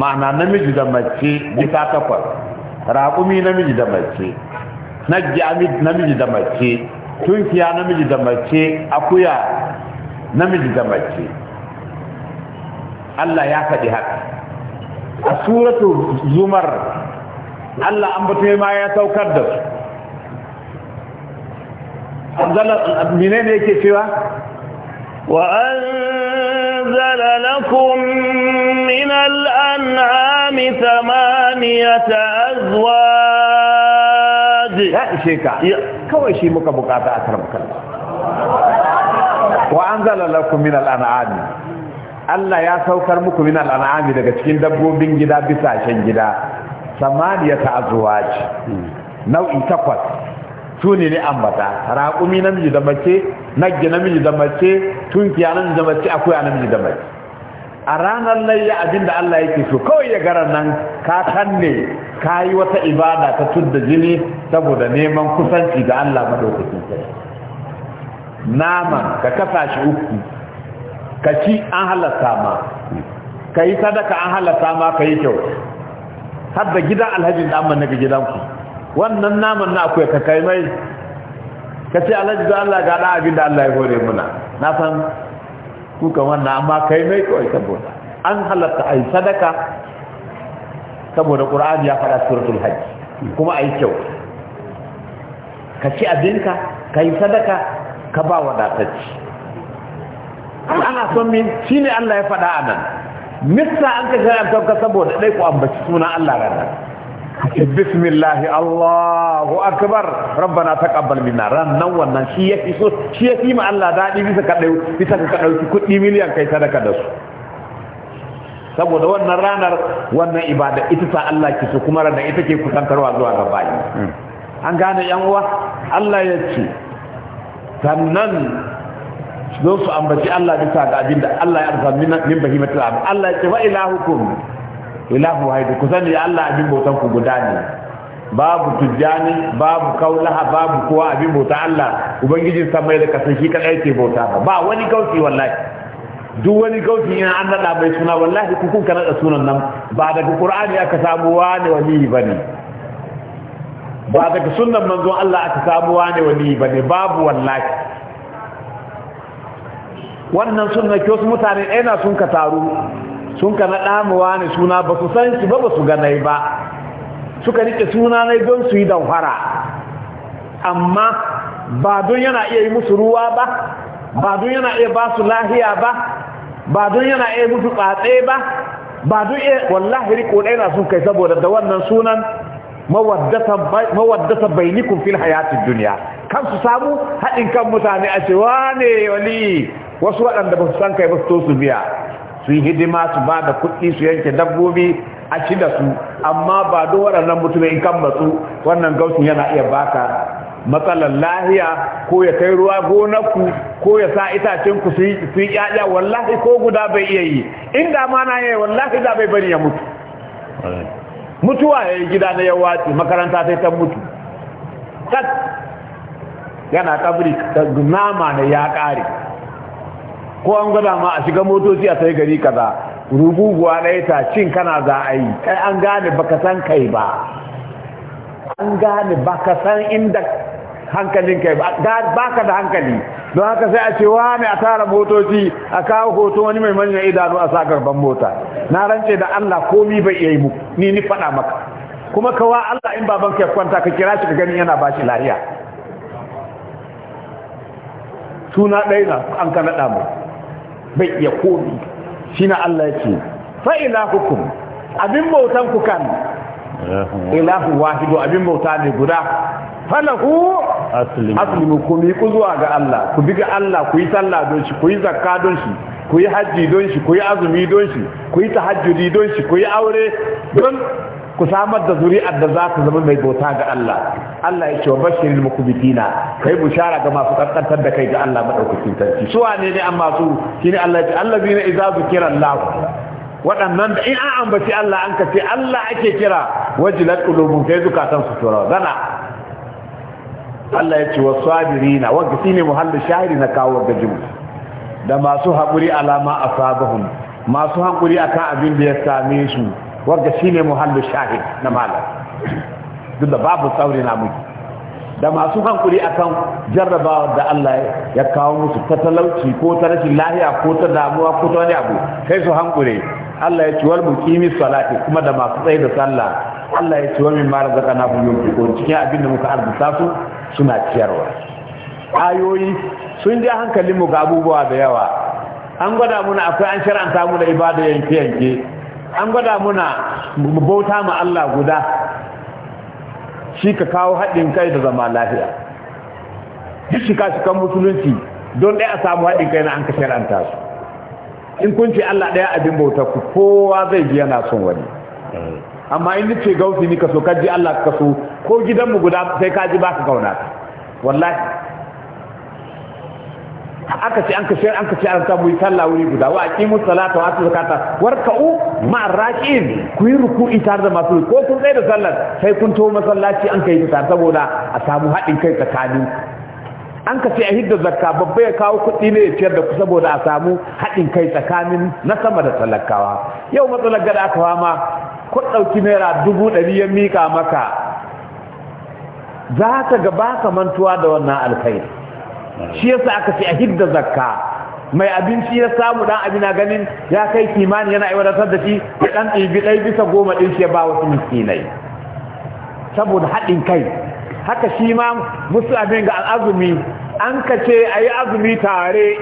معنى نمجي دمتي بتا تقوى raƙumi namiji da mace na namiji da mace tunkiya namiji da mace akuya namiji da mace Allah ya faɗi haka a suratu zumar Allah an bato ma ya saukar da su anzala ne yake cewa wa an anzala lakum min al-an'ami thamaniyata azwaj ya ishe kawai shi muka bukata a karbukan wa an zala ku min al'an'ami Allah ya saukar muku min al'an'ami daga cikin dabbobin gida bisa shan gida samaniya ta ce nau'i takwas su ne ne ambata raƙumi namiji da mace nagge namiji da mace tunkiya namiji da mace akuya namiji da mace a ranar layya abinda Allah yake so kawai ya gara nan ka kanne ka yi wata ibada ta tudda jini saboda neman kusanci ga Allah madaukakin sai nama ka kasa shi uku ka ci an halatta ma ka yi sadaka an halatta ma ka yi kyau har da gidan alhaji da amma daga gidanku wannan naman na akwai ka kai mai ka ce alhaji da Allah ga da abin da Allah ya hore muna na san kuka wannan amma kai mai kawai saboda an halatta a yi sadaka saboda ƙura'an ya faɗa suratul hajji kuma a yi kyau ka ci abinka ka yi sadaka ka ba wadatacci ana son min shi ne Allah ya faɗa a nan mista an ka shayar ka saboda ɗai ku ambaci suna Allah ranar بسم الله الله اكبر ربنا تقبل منا ranan wannan shi yake so shi yake ma Allah dadi bisa ka dau bisa ka dauki kudi miliyan kai sadaka da su saboda wannan ranar wannan ibada ita ta Allah ki so kuma ranar ita ke kusantarwa zuwa ga bayi hmm. an gane yan uwa Allah ya ce sannan don su ambaci Allah bisa ga abin Allah ya arza min bahimatul Allah ya ce wa ilahukum ilahu haidu ku sani Allah abin bautan ku guda ne babu tujjani babu kaulaha babu kowa abin bauta Allah ubangijin mai da kasan shi kadai ke bauta ba ba wani kauci wallahi duk wani kauci ina an nada mai suna wallahi ku kuka nada sunan nan ba daga qur'ani aka samu wani wali bane ba daga sunnan manzo Allah aka samu wani wali bane babu wallahi wannan sunna ke wasu mutane ɗaya na sun ka taru sun ka naɗa mu suna ba su san shi ba ba su ganai ba suka rike suna na don su yi damfara amma ba don yana iya yi musu ruwa ba ba don yana iya ba su lahiya ba ba don yana iya musu tsatse ba ba don iya wallahi riko ɗaya na sun kai saboda da wannan sunan mawaddata bainikun fil hayatin duniya kan su samu haɗin kan mutane a cewa ne wali wasu waɗanda ba su san kai ba su to su biya su yi hidima su ba da kuɗi su yanke dabbobi a ci da su amma ba duk waɗannan mutum in kan matsu wannan gausun yana iya baka matsalar lahiya ko ya kai ruwa gonarku ko ya sa itacen ku su yi ƴaƴa wallahi ko guda bai iya yi inda ma na yi wallahi da bai bari ya mutu mutuwa ya yi gida na yawa watsi makaranta sai ta mutu kat yana kabri nama na ya ƙare ko an gwada ma a shiga motoci a sai gari kaza rububuwa ɗaya ta cin kana za a yi kai an gane baka san kai ba an gane baka san inda hankalin kai ba baka da hankali don haka sai a ce ne a tara motoci a kawo hoto wani mai manyan idanu a sa ban mota na rance da Allah komi bai iya yi mu ni ni faɗa maka kuma kawa Allah in baban ka kwanta ka kira shi ka gani yana bashi lahiya suna ɗaya na an kana naɗa bai iya komi shi na Allah ce fa'ila hukum abin bautan ku kan ilahu wahido abin bauta ne guda falahu aslimu ku ku zuwa ga Allah ku bi Allah ku yi sallah don shi ku yi zakka don shi ku yi hajji don shi ku yi azumi don shi ku yi tahajjudi don shi ku yi aure don ku samar da zuri'ar da za ta zama mai bauta ga Allah Allah ya ce wa bashirin mukubitina kai bushara ga masu kankantar da kai ga Allah madaukakin sarki su ne ne an masu shine Allah ya ce allazina idza zukira Allah waɗannan da in an ambaci Allah an ka ce Allah ake kira wajilat qulubun kai zukatan su tura zana Allah ya ce wa wanda shine muhallin shahiri na kawo ga jimu da masu haƙuri alama asabahum masu haƙuri akan abin da ya same su shi ne muhallu shahid na malar duk da babu tsauri na muke da masu hankuri akan jarrabawa da Allah ya kawo musu ta talauci ko ta rashin lahiya ko ta damuwa ko ta wani abu kai su hankure Allah ya ci wal mukimi salati kuma da masu tsaye da sallah Allah ya ci wal min mara zaka na fu ko cikin abin da muka arzuta su suna ciyarwa ayoyi sun ja hankalin mu ga abubuwa da yawa an gwada muna akwai an shar'anta mu da ibada yanke yanke an gwada muna bauta ma Allah guda shi ka kawo haɗin kai da zama lafiya duk shika-shikan musulunci don ɗaya a samu haɗin kai na an kashe ranta su in kun ce Allah ɗaya abin bauta ku kowa zai ji yana son wani amma in ce gausi ni kaso kaji Allah ka so ko gidanmu guda sai kaji ba ka kauna wallahi aka ce an kashe an kashe an samu sallah wuri guda wa aqimu salata wa atu zakata warka'u ma raqin ku yi ruku'i tare da masu ko kun da sallar sai kun to masallaci an kai ta saboda a samu haɗin kai tsakani an ka a hidda zakka babba ya kawo kuɗi ne ya ciyar da ku saboda a samu haɗin kai tsakanin na sama da talakawa yau matsalar gada aka fama ku ɗauki naira dubu ɗari ya mika maka za ka ga ba mantuwa da wannan alkhairi shi yasa aka ce a hidda zakka mai abinci ya samu dan abina ganin ya kai kimani yana aiwatar da shi ya dan ɗibi ɗai bisa goma ɗin shi ya ba wasu miskinai saboda haɗin kai haka shi ma musu abin ga al'azumi an ka ce a yi azumi tare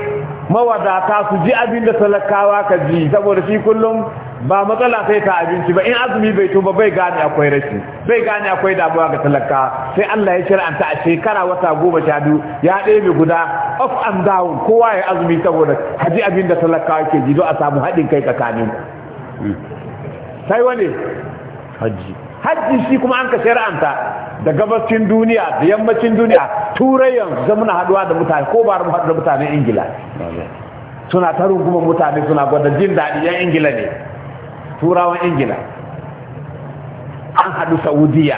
mawadata su ji abin da talakawa ka ji saboda shi kullum ba matsala sai ka abinci ba in azumi bai to ba bai gane akwai rashi bai gane akwai damuwa ga talaka sai Allah ya shir'anta a shekara wata goma sha biyu ya ɗebe guda of and down kowa ya azumi saboda haji abin da talaka yake ji a samu haɗin kai tsakanin sai wani haji hajji shi kuma an ka shari'anta da gabacin duniya da yammacin duniya turai yanzu muna haduwa da mutane ko ba da mutanen ingila suna ta rungumar mutane suna gwada jin daɗi yan ingila ne turawan ingila an haɗu saudiya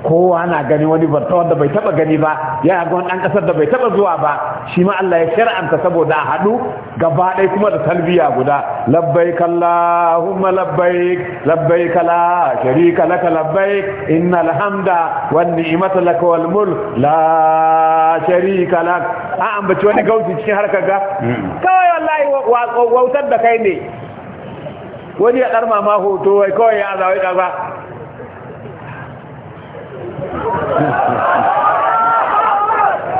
kowa na gani wani barta wanda bai taba gani ba ya ga wani ɗan ƙasar da bai taba zuwa ba shi ma Allah ya shar'anta saboda a haɗu gaba ɗaya kuma da talbiya guda labbaik Allahumma labbai labbai kala sharika laka labbaik innal hamda wan ni'mata laka wal mulk la sharika lak a ambaci wani gauci cikin harkar ga hmm. kawai wallahi wautar da kai ne wani ya karma ma hoto wai kawai ya azawai ba.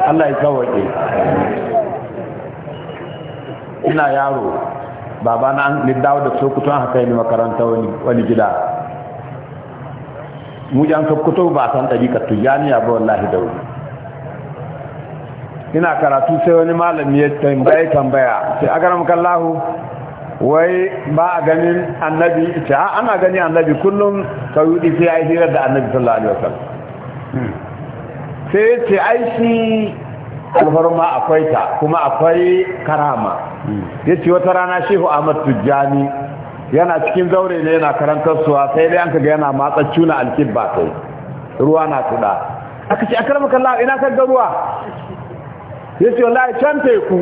Allah ya kawake ina yaro baba na an dawo da sokoto haka yi makaranta wani gida mu jan sokoto ba san tujani ya ba wallahi da wuri ina karatu sai wani malami ya tambaya tambaya sai agaram kallahu wai ba a ganin annabi ita ana gani annabi kullum saudi sai ya yi hirar da annabi sallallahu alaihi wasallam hmm. sai ce ai shi alfarma akwai ta kuma akwai karama hmm. ya ce wata rana shehu ahmad tujjani yana cikin zaure ne yana karantar suwa sai dai an ga yana matsa cuna alkibba sai ruwa na tuda aka ce akarma kallah ina ka ga ruwa ya ce wallahi can teku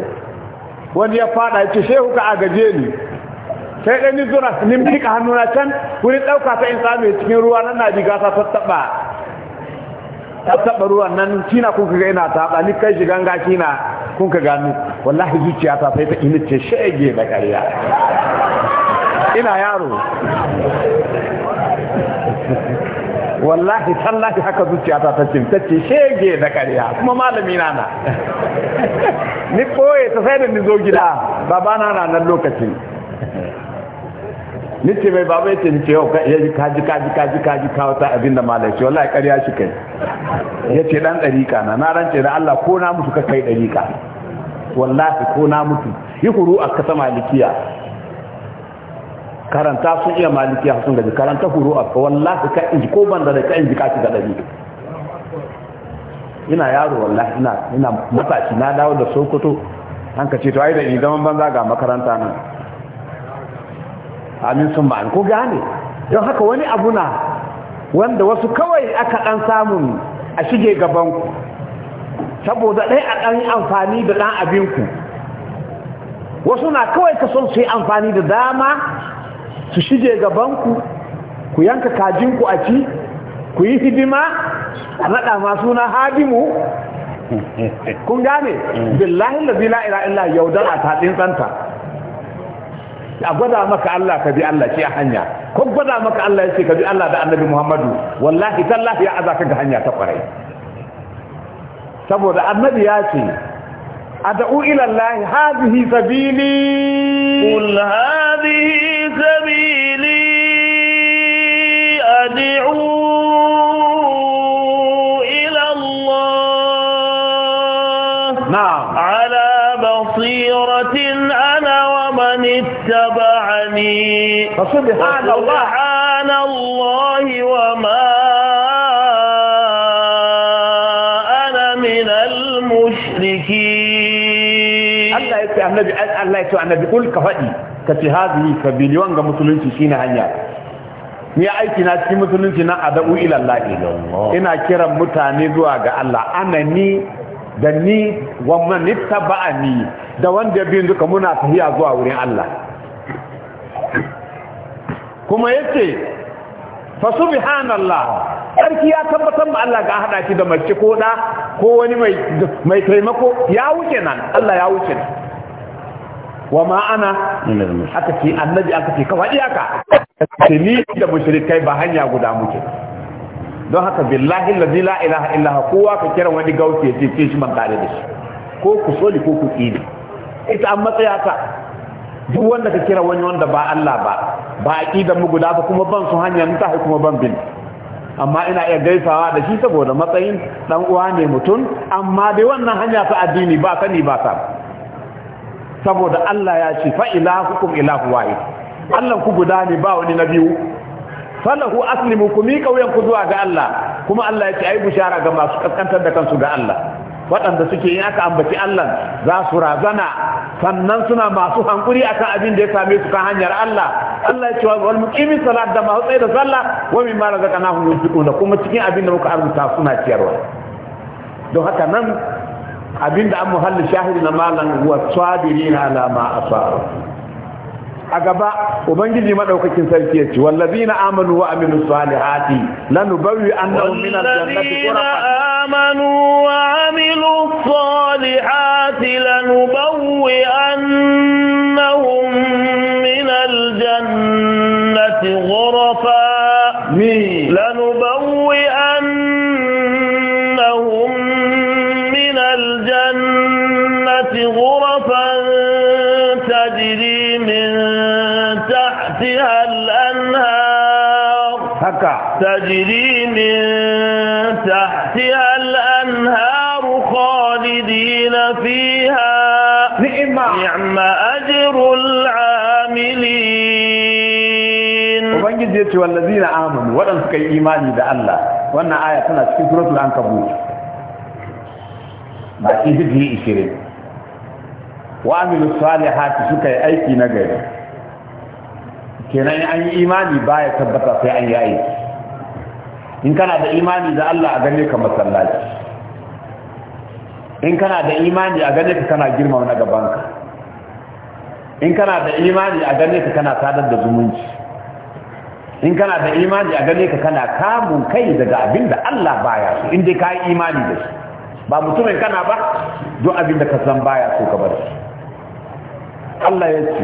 wani ya fada ya ce shehu ka agaje ni sai ɗan ni zura ni miƙa hannuna can wurin ɗauka ta in samu cikin ruwa nan na diga ta tattaɓa tattaɓa ruwan nan shi kun kuka ina ta ba ni kai shigan ga kina kun kuka ni wallahi zuciya ta sai ta ina ce shege na ƙarya ina yaro wallahi tallahi haka zuciya ta ce ta ce shege da ƙarya kuma malami na na ni koye ta sai da ni zo gida babana na nan lokacin nice mai baba yace nice yau ka yaji ka ji ka ji ka wata abin da malai shi wallahi ƙarya shi kai yace dan dariƙa na na rance da Allah ko na mutu ka kai dariƙa wallahi ko na mutu yi kuru a kasa malikiya karanta sun iya malikiya sun gaji karanta huru a ka wallahi ka inji ko banda da ka inji ka ci da dariƙa ina yaro wallahi ina ina matashi na dawo da Sokoto an ka ce to ai da ni zaman banza ga makaranta nan amin sun ma'an ko gane don haka wani abu na wanda wasu kawai aka ɗan samun a shige gabanku saboda ɗai a ɗan amfani da ɗan abinku wasu na kawai ka son su yi amfani da dama su shige gabanku ku yanka kajinku a ci ku yi hidima a naɗa masu na hadimu kun gane mm. billahi la ila illa yaudar a taɗin tsanta a gwada maka Allah ka bi Allah ce a hanya ko gwada maka Allah ya ce ka bi Allah da annabi Muhammadu wallahi tallahi ya azaka ga hanya ta kwarai saboda annabi ya ce ad'u ila Allah hadhihi sabili qul اتبعني سبحان الله عن الله وما انا من المشركين الله يتوى النبي الله يتوى النبي قل كفدي كفي هذه سبيلي وانغا مسلمين شين هنيا ni aiki na cikin musulunci na adabu ila Allah ina kiran mutane zuwa ga Allah anani da ni wa man ittaba'ani da wanda bin duka muna tafiya zuwa wurin Allah kuma yace fa subhanallah sarki ya tabbatar ma Allah ga hada shi da mace ko da ko wani mai mai taimako ya wuce nan Allah ya wuce wa ma ana aka ce annabi aka ce kawai iyaka ce ni da mushrikai ba hanya guda muke don haka billahi allazi la ilaha illa hu kowa ka kira wani gauke ce ce shi man da shi ko ku soli ko ku kini ita an matsaya ta duk wanda ka kira wani wanda ba Allah ba ba a ƙi mu guda ba kuma ban su hanya ta haiku kuma ban bin amma ina iya gaisawa da shi saboda matsayin dan uwa ne mutum amma dai wannan hanya ta addini ba ta sani ba ta saboda Allah ya ce fa ilahukum ilahu wahid Allah ku guda ne ba wani na biyu falahu aslimu ku mi kauyen ku zuwa ga Allah kuma Allah ya ce ai bushara ga masu kaskantar da kansu ga Allah waɗanda suke yin aka ambaci Allah za su razana sannan suna masu hankuri akan abin da ya same su kan hanyar Allah Allah ya ce wal muqimi salat da masu tsaye da sallah wa mimma razaqnahum yunfiquna kuma cikin abin da muka arzuta suna ciyarwa don haka nan abin da an muhalli shahidi na malam huwa na ala ma asaba a gaba ubangiji madaukakin sarki ya ce wallazina amanu wa aminu salihati lanubawwi annahum min al-jannati ghurafan amanu wa amilus salihati lanubawwi تجري من تحتها الأنهار خالدين فيها نعم نعم أجر العاملين وبنجي يتي والذين آمنوا ولن تكي إيماني بألا وأن آية سنة سكي سورة العنكبوت ما إذن هي إشيرين وعملوا الصالحات سكي أيكي نجري كنا يعني أن إيماني باية baya في أي أيكي in kana da imani da Allah a gane ka masallaci in kana da imani a gane ka kana girmama na gabanka in kana da imani a gane ka kana sadar da zumunci in kana da imani a gane ka kana kamun kai daga abin da Allah baya su inda ka yi imani da shi ba mutumin kana ba Don abin da ka san baya so ka bar shi Allah ya ce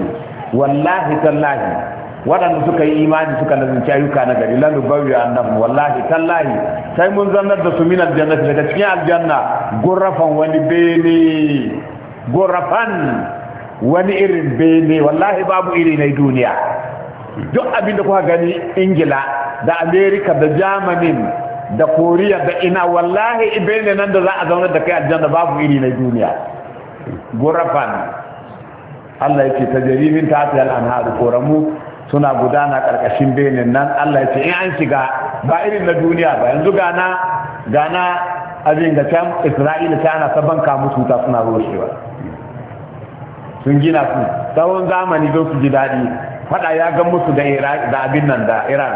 wallahi tallahi waɗanda suka yi imani suka nazarci ayyuka na gari lanu bawi annahum wallahi tallahi sai mun zannar da su min aljannati daga cikin aljanna gurrafan wani bene gurrafan wani irin bene wallahi babu iri na duniya duk abin da kuka gani ingila da america da germany da koriya da ina wallahi ibene nan da za a zaunar da kai aljanna babu iri na duniya gurrafan Allah yake ta jaririn ta ta al'anharu koramu suna gudana ƙarƙashin benin nan Allah ya ce in an shiga ba irin na duniya ba yanzu gana gana abin da can Isra'ila ta ana saban kamu cuta suna rushewa sun gina su tsawon zamani don su ji daɗi faɗa ya ga musu da abin nan da Iran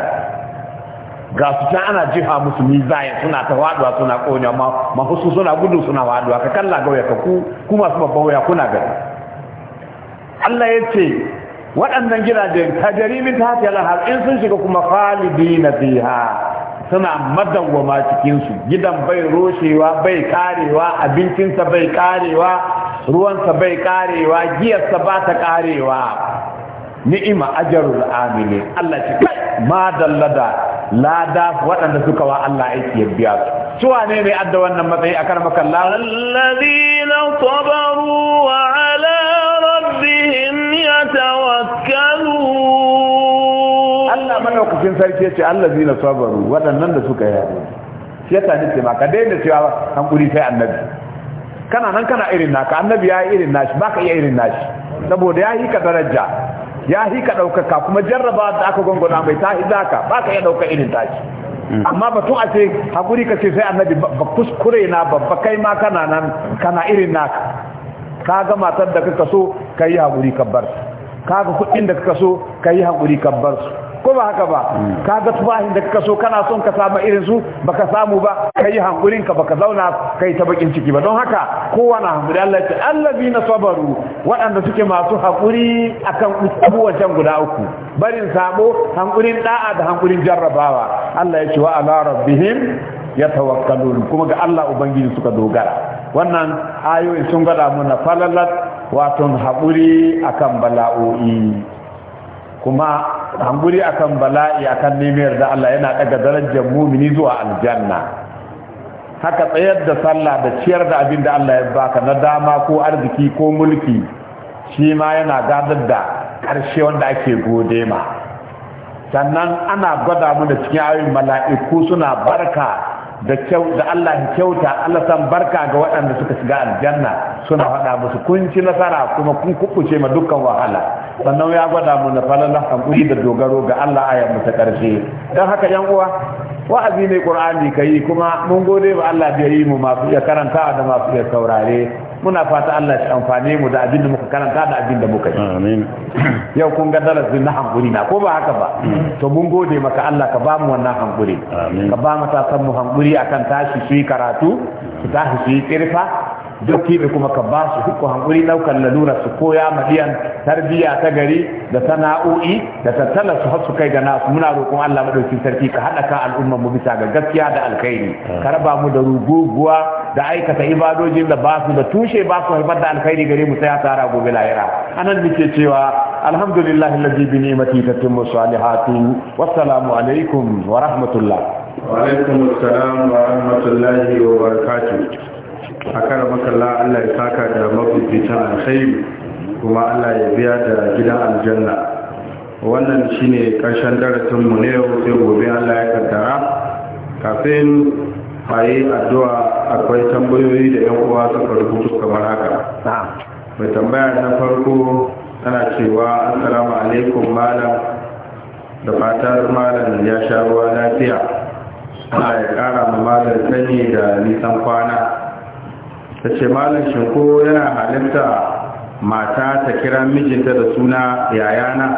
ga su can ana jiha musu mizaya suna ta waduwa suna ƙonya ma husu suna gudu suna waduwa ka kalla ga ka ku kuma su babban kuna gari Allah ya ce waɗannan gidajen tajarimin ta hata lahar in sun shiga kuma khalidi na fiha suna madawwama cikinsu gidan bai roshewa bai karewa abincinsa bai karewa ruwansa bai karewa giyarsa ba ta karewa ni'ima ajarul amilin Allah ce kai ma dallada lada waɗanda suka wa Allah aiki ya biya su su wane ne adda wannan matsayi a karmakan Allah alladhina tawakkalu Allah madaukakin sarki yace zina sabaru waɗannan da suka yi shi yasa nake ma ka daina cewa hankuri sai annabi kana nan kana irin naka annabi ya yi irin nashi baka iya irin nashi saboda ya yi ka daraja ya yi ka ɗaukaka kuma jarraba da aka gongona mai ta hidaka baka iya ɗauka irin tashi mm. amma to a ce hakuri ka ce sai annabi ba kuskure na babba kai ma kana nan kana irin naka ka ga matar da kake so ka yi hakuri ka bar kaga kuɗin da kaka so ka yi kabbar su ko ba haka ba hmm. kaga tubahin da kaka so kana son ka samu irin su baka samu ba ka yi ka baka zauna kai ta bakin ciki ba don haka kowa na hamuri Allah ce allazi na sabaru waɗanda suke masu hakuri akan abubuwan can guda uku barin sabo hanƙurin da'a da hakurin jarrabawa Allah ya ce wa ala rabbihim yatawakkalun kuma ga Allah ubangiji suka dogara wannan ayoyin sun gada mana falalat waton haƙuri akan bala'o'i kuma haƙuri akan bala'i akan nemiyar da Allah yana daga darajar mumini zuwa aljanna haka tsayar da sallah da ciyar da abin da Allah ya baka na dama ko arziki ko mulki shi ma yana gadar da ƙarshe wanda ake gode ma sannan ana gwada mu da cikin ayoyin mala'iku suna barka da kyau da Allah ya kyauta Allah san barka ga waɗanda suka shiga aljanna suna haɗa musu kun ci nasara kuma kun kuɓuce ma dukkan wahala sannan ya gwada mu na falalar hankuli da dogaro ga Allah ayar mu ta karshe don haka yan uwa wa'azi ne qur'ani kai kuma mun gode wa Allah da yi mu masu ya karanta da masu ya saurare muna fata Allah ya amfane mu da abin da muka karanta da abin da muka yi amin yau kun ga darasin na hankuri na ko ba haka ba hmm. to mun gode maka Allah ka ba mu wannan hankuri ka ba mu ta san mu hankuri akan tashi su karatu su tashi su yi tsirfa da kuma ka ba su hukku hankuri ɗaukar lalura su koya madiyan tarbiyya ta gari da sana'o'i da tattala su har su kai ga nasu muna roƙon Allah madaukin sarki ka haɗa kan al'umma mu bisa ga gaskiya da alkhairi ka raba mu da ruguguwa da aikata ibadojin da ba su da tushe ba su haifar da alkhairi gare mu sai tara gobe lahira anan muke cewa alhamdulillah alladhi bi ni'mati tatimmu salihatu wassalamu alaikum wa rahmatullah alaikum assalam wa rahmatullahi wa barakatuh a kara makalla Allah ya saka da mafificin alkhairi kuma Allah ya biya da gidan aljanna wannan shine ƙarshen darasin mu ne sai gobe Allah ya kaddara kafin ayi addu'a akwai tambayoyi da yan uwa suka rubutu kamar haka mai tambaya na farko tana cewa assalamu alaikum malam da fatar malam ya sha ruwa lafiya ana ya kara ma malar sani da nisan kwana ta ce malar shinko yana halitta mata ta kira mijinta da suna yayana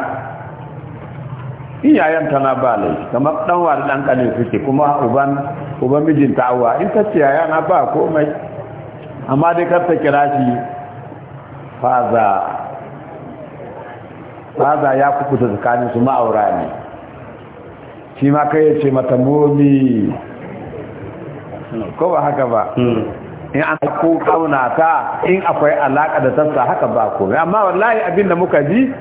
in yayan tana ba laifi kamar dan wani dan kane suke kuma uban uban mijinta awa in ta ce yayana ba komai amma dai kar ta kira shi faza faza ya kukuta tsakanin su ma'aura ne shi ma kai ya ce mata momi ko ba haka ba hmm. in an ko kauna ta in akwai alaka da tassa haka ba ko amma wallahi abin da muka ji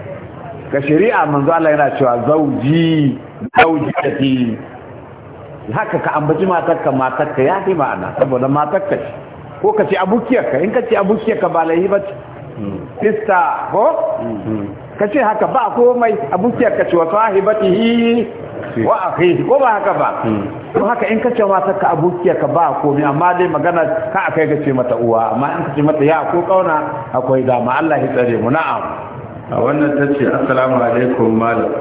ga shari'a manzo Allah yana cewa zauji zauji zaujati haka ka ambaci matarka matarka ya fi ma'ana saboda matarka ce ko ka ce abukiyarka in ka ce abukiyarka ba laihi ba ce hmm. sista ko hmm. ka ce haka ba komai abukiyarka ce wa sahibatihi wa akhihi ko ba haka ba to hmm. haka in kace ma saka abokiya ka ba komai amma dai magana ka akai ga ce mata uwa amma in kace mata ya ko kauna akwai dama Allah ya tsare mu na'am a wannan tace assalamu alaikum malam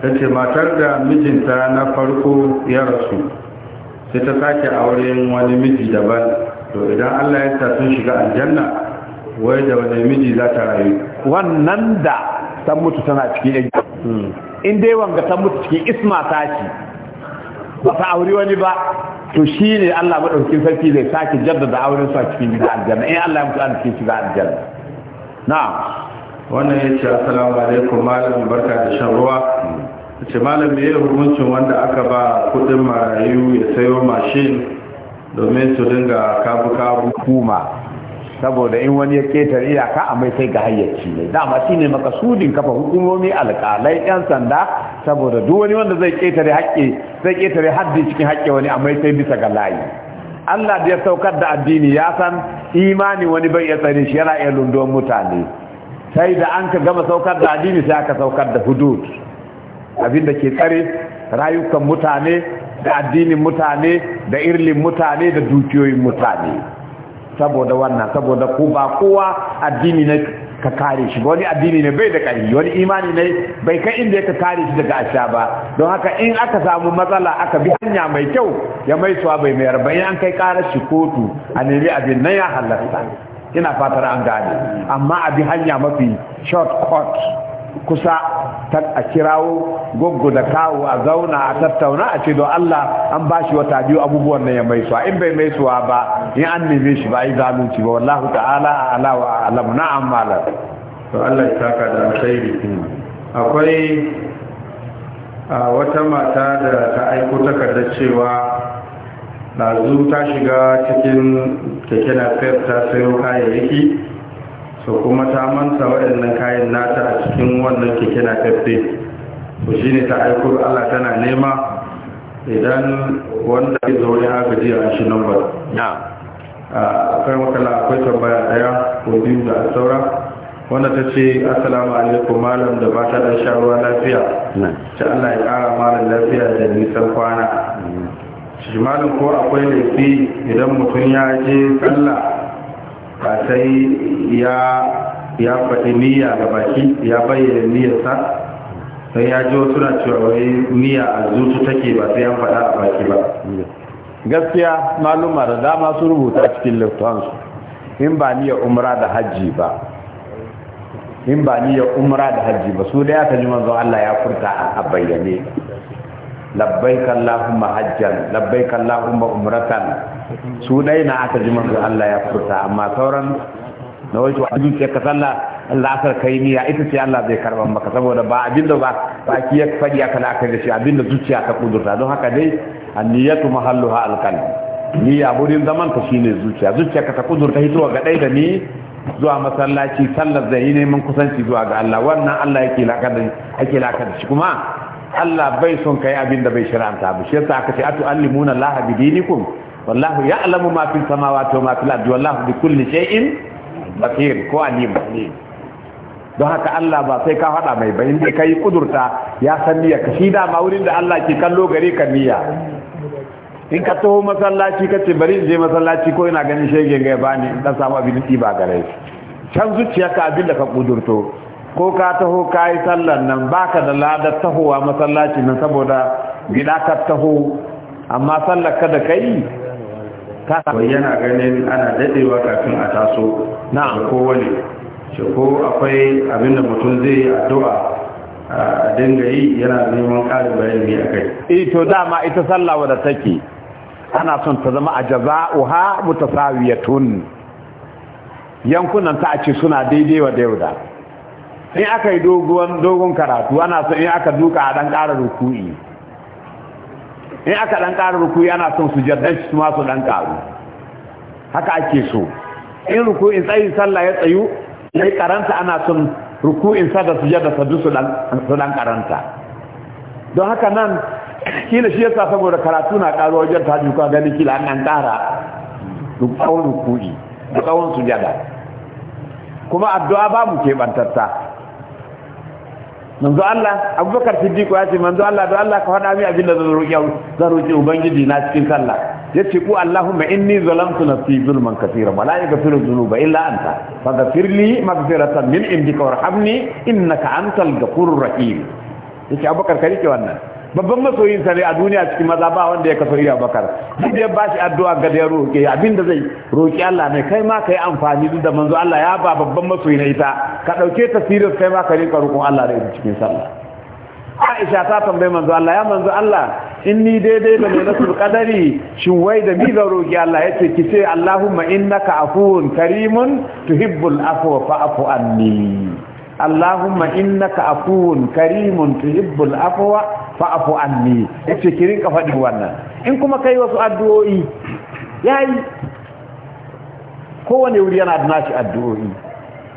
tace matar da mijinta na farko ya rasu sai ta sake auren wani miji daban to idan Allah ya sa sun shiga aljanna wai da wani miji za ta rayu wannan da ta mutu tana cikin yan hmm. in dai wanga ta mutu cikin isma ta ci ba ta auri wani ba to shi ne Allah maɗaukin sarki zai sake jaddada auren su a cikin gida aljanna in Allah ya mutu an cikin shiga aljanna Na wannan ya ce assalamu alaikum malam barka da shan ruwa ce malam me yi hukuncin wanda aka ba kuɗin marayu ya sayo mashin domin su dinga kabu kabu kuma saboda in wani ya ƙetare iyaka a mai sai ga hayyaci ne dama shi ne makasudin kafa hukumomi alƙalai yan sanda saboda duk wani wanda zai ketare haƙƙi zai ketare haddi cikin haƙƙi wani a mai sai bisa ga layi Allah da ya saukar da addini ya san imani wani bai ya tsare shi yana iya lundon mutane sai da an ka gama saukar da addini sai aka saukar da hudud abin da ke tsare rayukan mutane da addinin mutane da irlin mutane da dukiyoyin mutane saboda wannan saboda ku ba kowa addini ne ka kare shi wani addini ne bai da ƙarfi wani imani ne bai kai inda ka kare shi daga asha ba don haka in aka samu matsala aka bi hanya mai kyau ya mai suwa bai mayar ba in an kai ƙarar shi kotu a nemi abin nan ya halatta ina fatar an gane amma a bi hanya mafi short cut kusa ta a kirawo goggo da kawo a zauna a tattauna a ce don Allah an ba shi wata biyu abubuwan nan ya mai suwa in bai mai suwa ba in an neme shi ba yi zalunci ba wallahu ta'ala a alawa a alamu na an malar to Allah ya taka da alkhairi akwai wata mata da ta aiko takardar cewa ɗazu ta shiga cikin keke na ta sayo kayayyaki to kuma ta manta waɗannan kayan nata a cikin wannan keke na kafe to shi ne ta aiko Allah tana nema idan wanda ya zo ya gaji a shi nan ba akwai makala akwai tambaya daya ko biyu da saura wanda ta ce assalamu alaikum malam da ba ta da sharuwa lafiya ta Allah ya kara malam lafiya da nisan kwana shi malam ko akwai laifi idan mutum ya je sallah ba sai ya ya faɗi niyya ga baki ya bayyana niyyarsa sai ya ji wasu na cewa wai niyya a zuci take ba sai ya faɗa a baki ba gaskiya maluma da dama su rubuta cikin liftonsu in ba niyya umra da hajji ba in ba niyya umra da hajji ba su da ya ji manzo Allah ya furta a bayyane labbaik allahumma hajjan labbaik allahumma umratan su dai na aka ji manzo Allah ya furta amma sauran na wato abin ce ka sallah Allah kai ita ce Allah zai karba maka saboda ba abin da ba ba ki ya fadi aka da aka da shi abin da zuciya ta kudurta don haka dai anniyatu mahalluha alqalb burin zaman ta shine zuciya zuciya ka ta kudurta hitowa ga dai da ni zuwa masallaci sallar da yi neman kusanci zuwa ga Allah wannan Allah yake laka da yake da shi kuma Allah bai son kai abin da bai shiranta ba shi yasa aka ce atu allimuna Allah bi dinikum wallahu ya'lamu ma fi samawati wa ma fil ardi wallahu bi kulli shay'in basir ko alim don haka Allah ba sai ka faɗa mai ba inda kai kudurta ya san niyya ka shi da ma wurin da Allah ke kallo gare ka niyya in ka taho masallaci ka ce bari in je masallaci ko ina ganin shege ga bani dan samu abin da ba gare can ka abin da ka kudurto ko ka taho ka yi sallar nan baka da ladar tahowa masallaci nan saboda gida ka taho amma sallar ka da kai ta bayyana ganin ana dadewa kafin a taso na kowane shi ko akwai abinda mutum zai yi addu'a a dinga yi yana neman ƙarin bayani a kai eh, to dama ita sallah wadda take ana son ta zama a jaza'uha mutasawiyatun yankunan ta a ce suna daidai wa da in aka yi dogon karatu ana son in aka duka a dan ƙara ruku'i in aka dan ƙara ruku'i ana son su jardan su ma su dan ƙaru haka ake so in ruku'in tsayi sallah ya tsayu ya karanta ana son ruku'in sa da jarda sadu su dan karanta don haka nan kila shi yasa saboda karatu na ƙaru wajen ta duka ganin kila an an ƙara duk tsawon ruku'i da tsawon sujada kuma addu'a ba ke keɓantarta manzo Allah Abubakar Siddiq ya ce manzo Allah don Allah ka faɗa min abin da zan roƙi zan roƙi ubangiji na cikin sallah yace ku Allahumma inni zalamtu nafsi zulman katira wala yaghfiru dhunuba illa anta faghfirli maghfiratan min indika warhamni innaka antal ghafurur rahim yace Abubakar ka rike wannan babban masoyin sa ne a duniya cikin maza ba wanda ya kaso iya bakar duk da ya bashi addu'a ga da ya roƙe abin da zai roƙi Allah ne kai ma kai amfani duk da manzo Allah ya ba babban masoyi na ita ka ɗauke ta kai ma ka rinka roƙon Allah da ita cikin sallah Aisha ta tambayi manzo Allah ya manzo Allah in ni daidai da ne nasul qadari shin wai da mi da roƙi Allah yace ki ce Allahumma innaka afuwun karimun tuhibbul afwa fa'fu anni Allahumma innaka afuwun karimun tuhibbul afwa fa'fu anni yace ki rinka faɗi wannan in kuma kai wasu addu'o'i yayi kowane wuri yana da nashi addu'o'i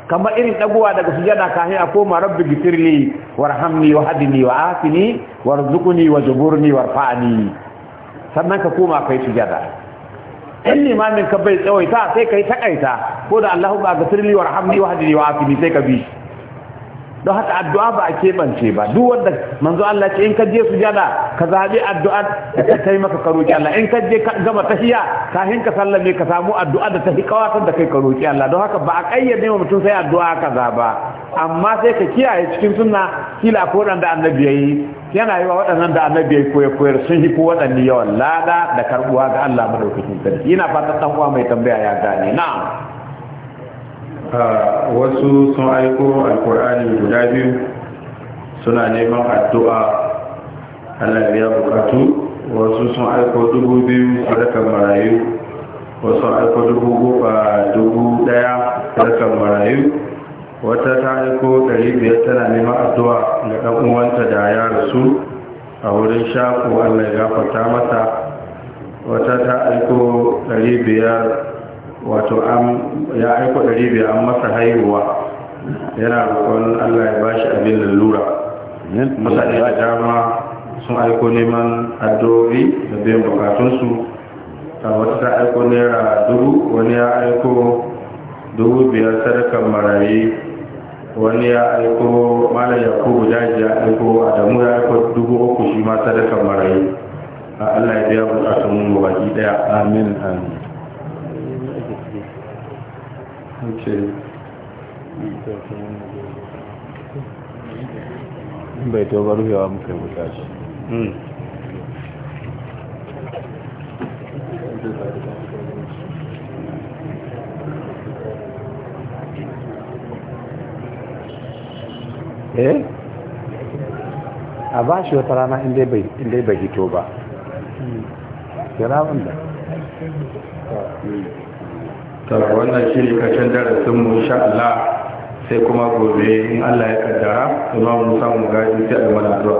kamar irin dagowa daga sujada kafin a koma rabbi gifirli warhamni wa hadini wa afini warzuqni wajburni warfa'ni sannan ka koma kai sujada in limamin ka bai tsawaita sai kai takaita ko da Allahu ba gafirli warhamni wa hadini wa afini sai ka bi don haka addu'a ba a keɓance ba duk wanda manzo Allah ce in ka je jada ka zabi addu'a da ta kai maka ka Allah in ka je ka gama tahiya kafin ka sallame ka samu addu'a da ta kawatar da kai ka Allah don haka ba a kayyade wa mutum sai addu'a kaza ba amma sai ka kiyaye cikin sunna kila ko da annabi yayi yana yi wa waɗannan da annabi yayi koyar koyar sun hi ko waɗanne yawan lada da karbuwa ga Allah madaukakin sarki ina fatan ɗan uwa mai tambaya ya gane na'am wasu sun aiko alkur'ani guda biyu suna neman addu'a allah ya bukatu wasu sun aiko dubu biyu sadakar marayu wasu sun aiko dubu dubu daya sadakar marayu wata ta aiko biyar tana neman addu'a ga ɗan uwanta da ya rasu a wurin shaku allah ya gafarta mata wata ta aiko biyar. wato an ya aiko ɗari biyu an masa haihuwa yana roƙon allah ya bashi abin lura masa da dama sun aiko neman addu'o'i da biyan bukatunsu a wata ta aiko naira dubu wani ya aiko dubu biyar sadakan marayi wani ya aiko malam yakubu daji ya aiko adamu ya aiko dubu uku shi ma sadakan marayi a allah ya biya bukatun mu baki daya amin amin bai tobar yawa muka yi wuta shi hmm. eh a ba shi wata rana inda bai hito ba kira hmm. wanda hmm. saboda wannan shi ne karshen darasin mu insha Allah sai kuma gobe in Allah ya kaddara kuma mu samu gaji sai a mana zuwa.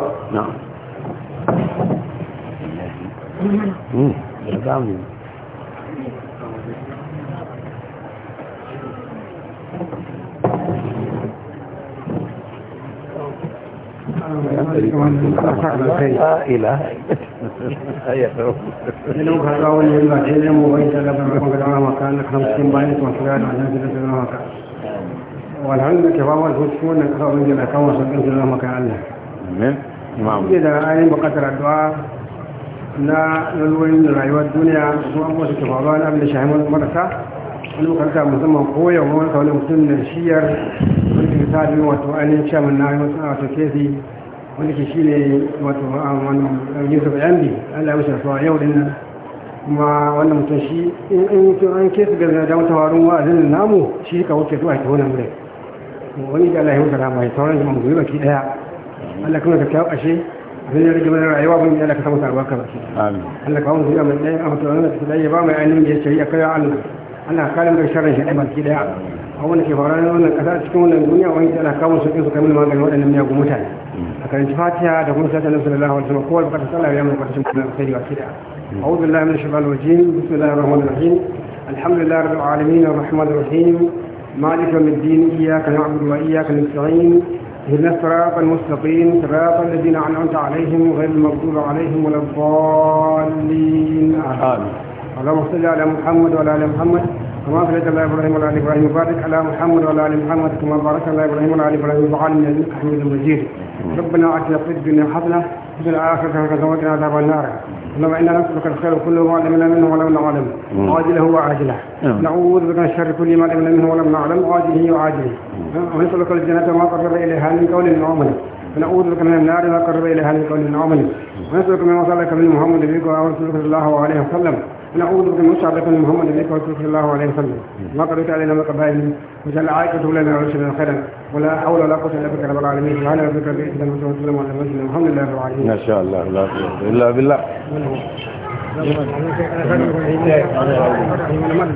na'am hmm. na lalwoyin da rayuwar duniya su abubuwa su ke faruwa na abin da shahimar marasa wani karta musamman koyar wani kaunin mutum na shiyar misali wato ainihin chairman na wato kesi wanda ke shine wato ah, wani ah, yusuf yambi allah ya shafa yau din nan kuma wannan mutum shi in an ga wa'azin namu shi ka wuce zuwa wani da allah ya sauran jama'a baki daya allah kuma ka ashe abin da rayuwa ka samu baki allah ka wani zuwa mai a mutum wani da ta ba mai ainihin da ya shari'a kai allah allah ka shi baki daya هون كفاران هون كذا تكون الدنيا وين ترى كم سكين سكين من ما قالوا أن لم يقوموا تاني أكان شفاتها تكون سات النبي صلى الله عليه وسلم قول بقدر صلى الله عليه وسلم قدر من الخير وكذا أعوذ بالله من الشيطان الرجيم بسم الله الرحمن الرحيم الحمد لله رب العالمين الرحمن الرحيم مالك يوم الدين إياك نعبد وإياك نستعين اهدنا الصراط المستقيم صراط الذين أنعمت عليهم غير المغضوب عليهم ولا الضالين آمين اللهم صل على محمد وعلى آل محمد كما صليت على ابراهيم وعلى ال ابراهيم وبارك على محمد وعلى ال محمد كما باركت على ابراهيم وعلى ال ابراهيم وعلى انك حميد مجيد ربنا اعطنا في الدنيا حسنه وفي الاخره حسنه وقنا عذاب النار اللهم انا نسالك الخير كله ما علمنا منه ولم نعلم عاجله وعاجله نعم. نعوذ بك من الشر كل ما علمنا منه ولم نعلم عاجله وعاجله ونسالك الجنه ما قرب اليها من قول وعمل ونعوذ بك من النار ما قرب اليها من قول وعمل ونسالك من وصلك من محمد بك ورسولك صلى الله عليه وسلم نعوذ بك من مصعبة محمد النبي صلى الله عليه وسلم ما قدرت علينا من قبائل وجعل عائقة لنا ورشدنا خيرا ولا حول ولا قوة إلا بك رب العالمين سبحان ربك رب العزة عما يصفون وسلام على المرسلين الحمد لله رب العالمين ما شاء الله لا قوة إلا بالله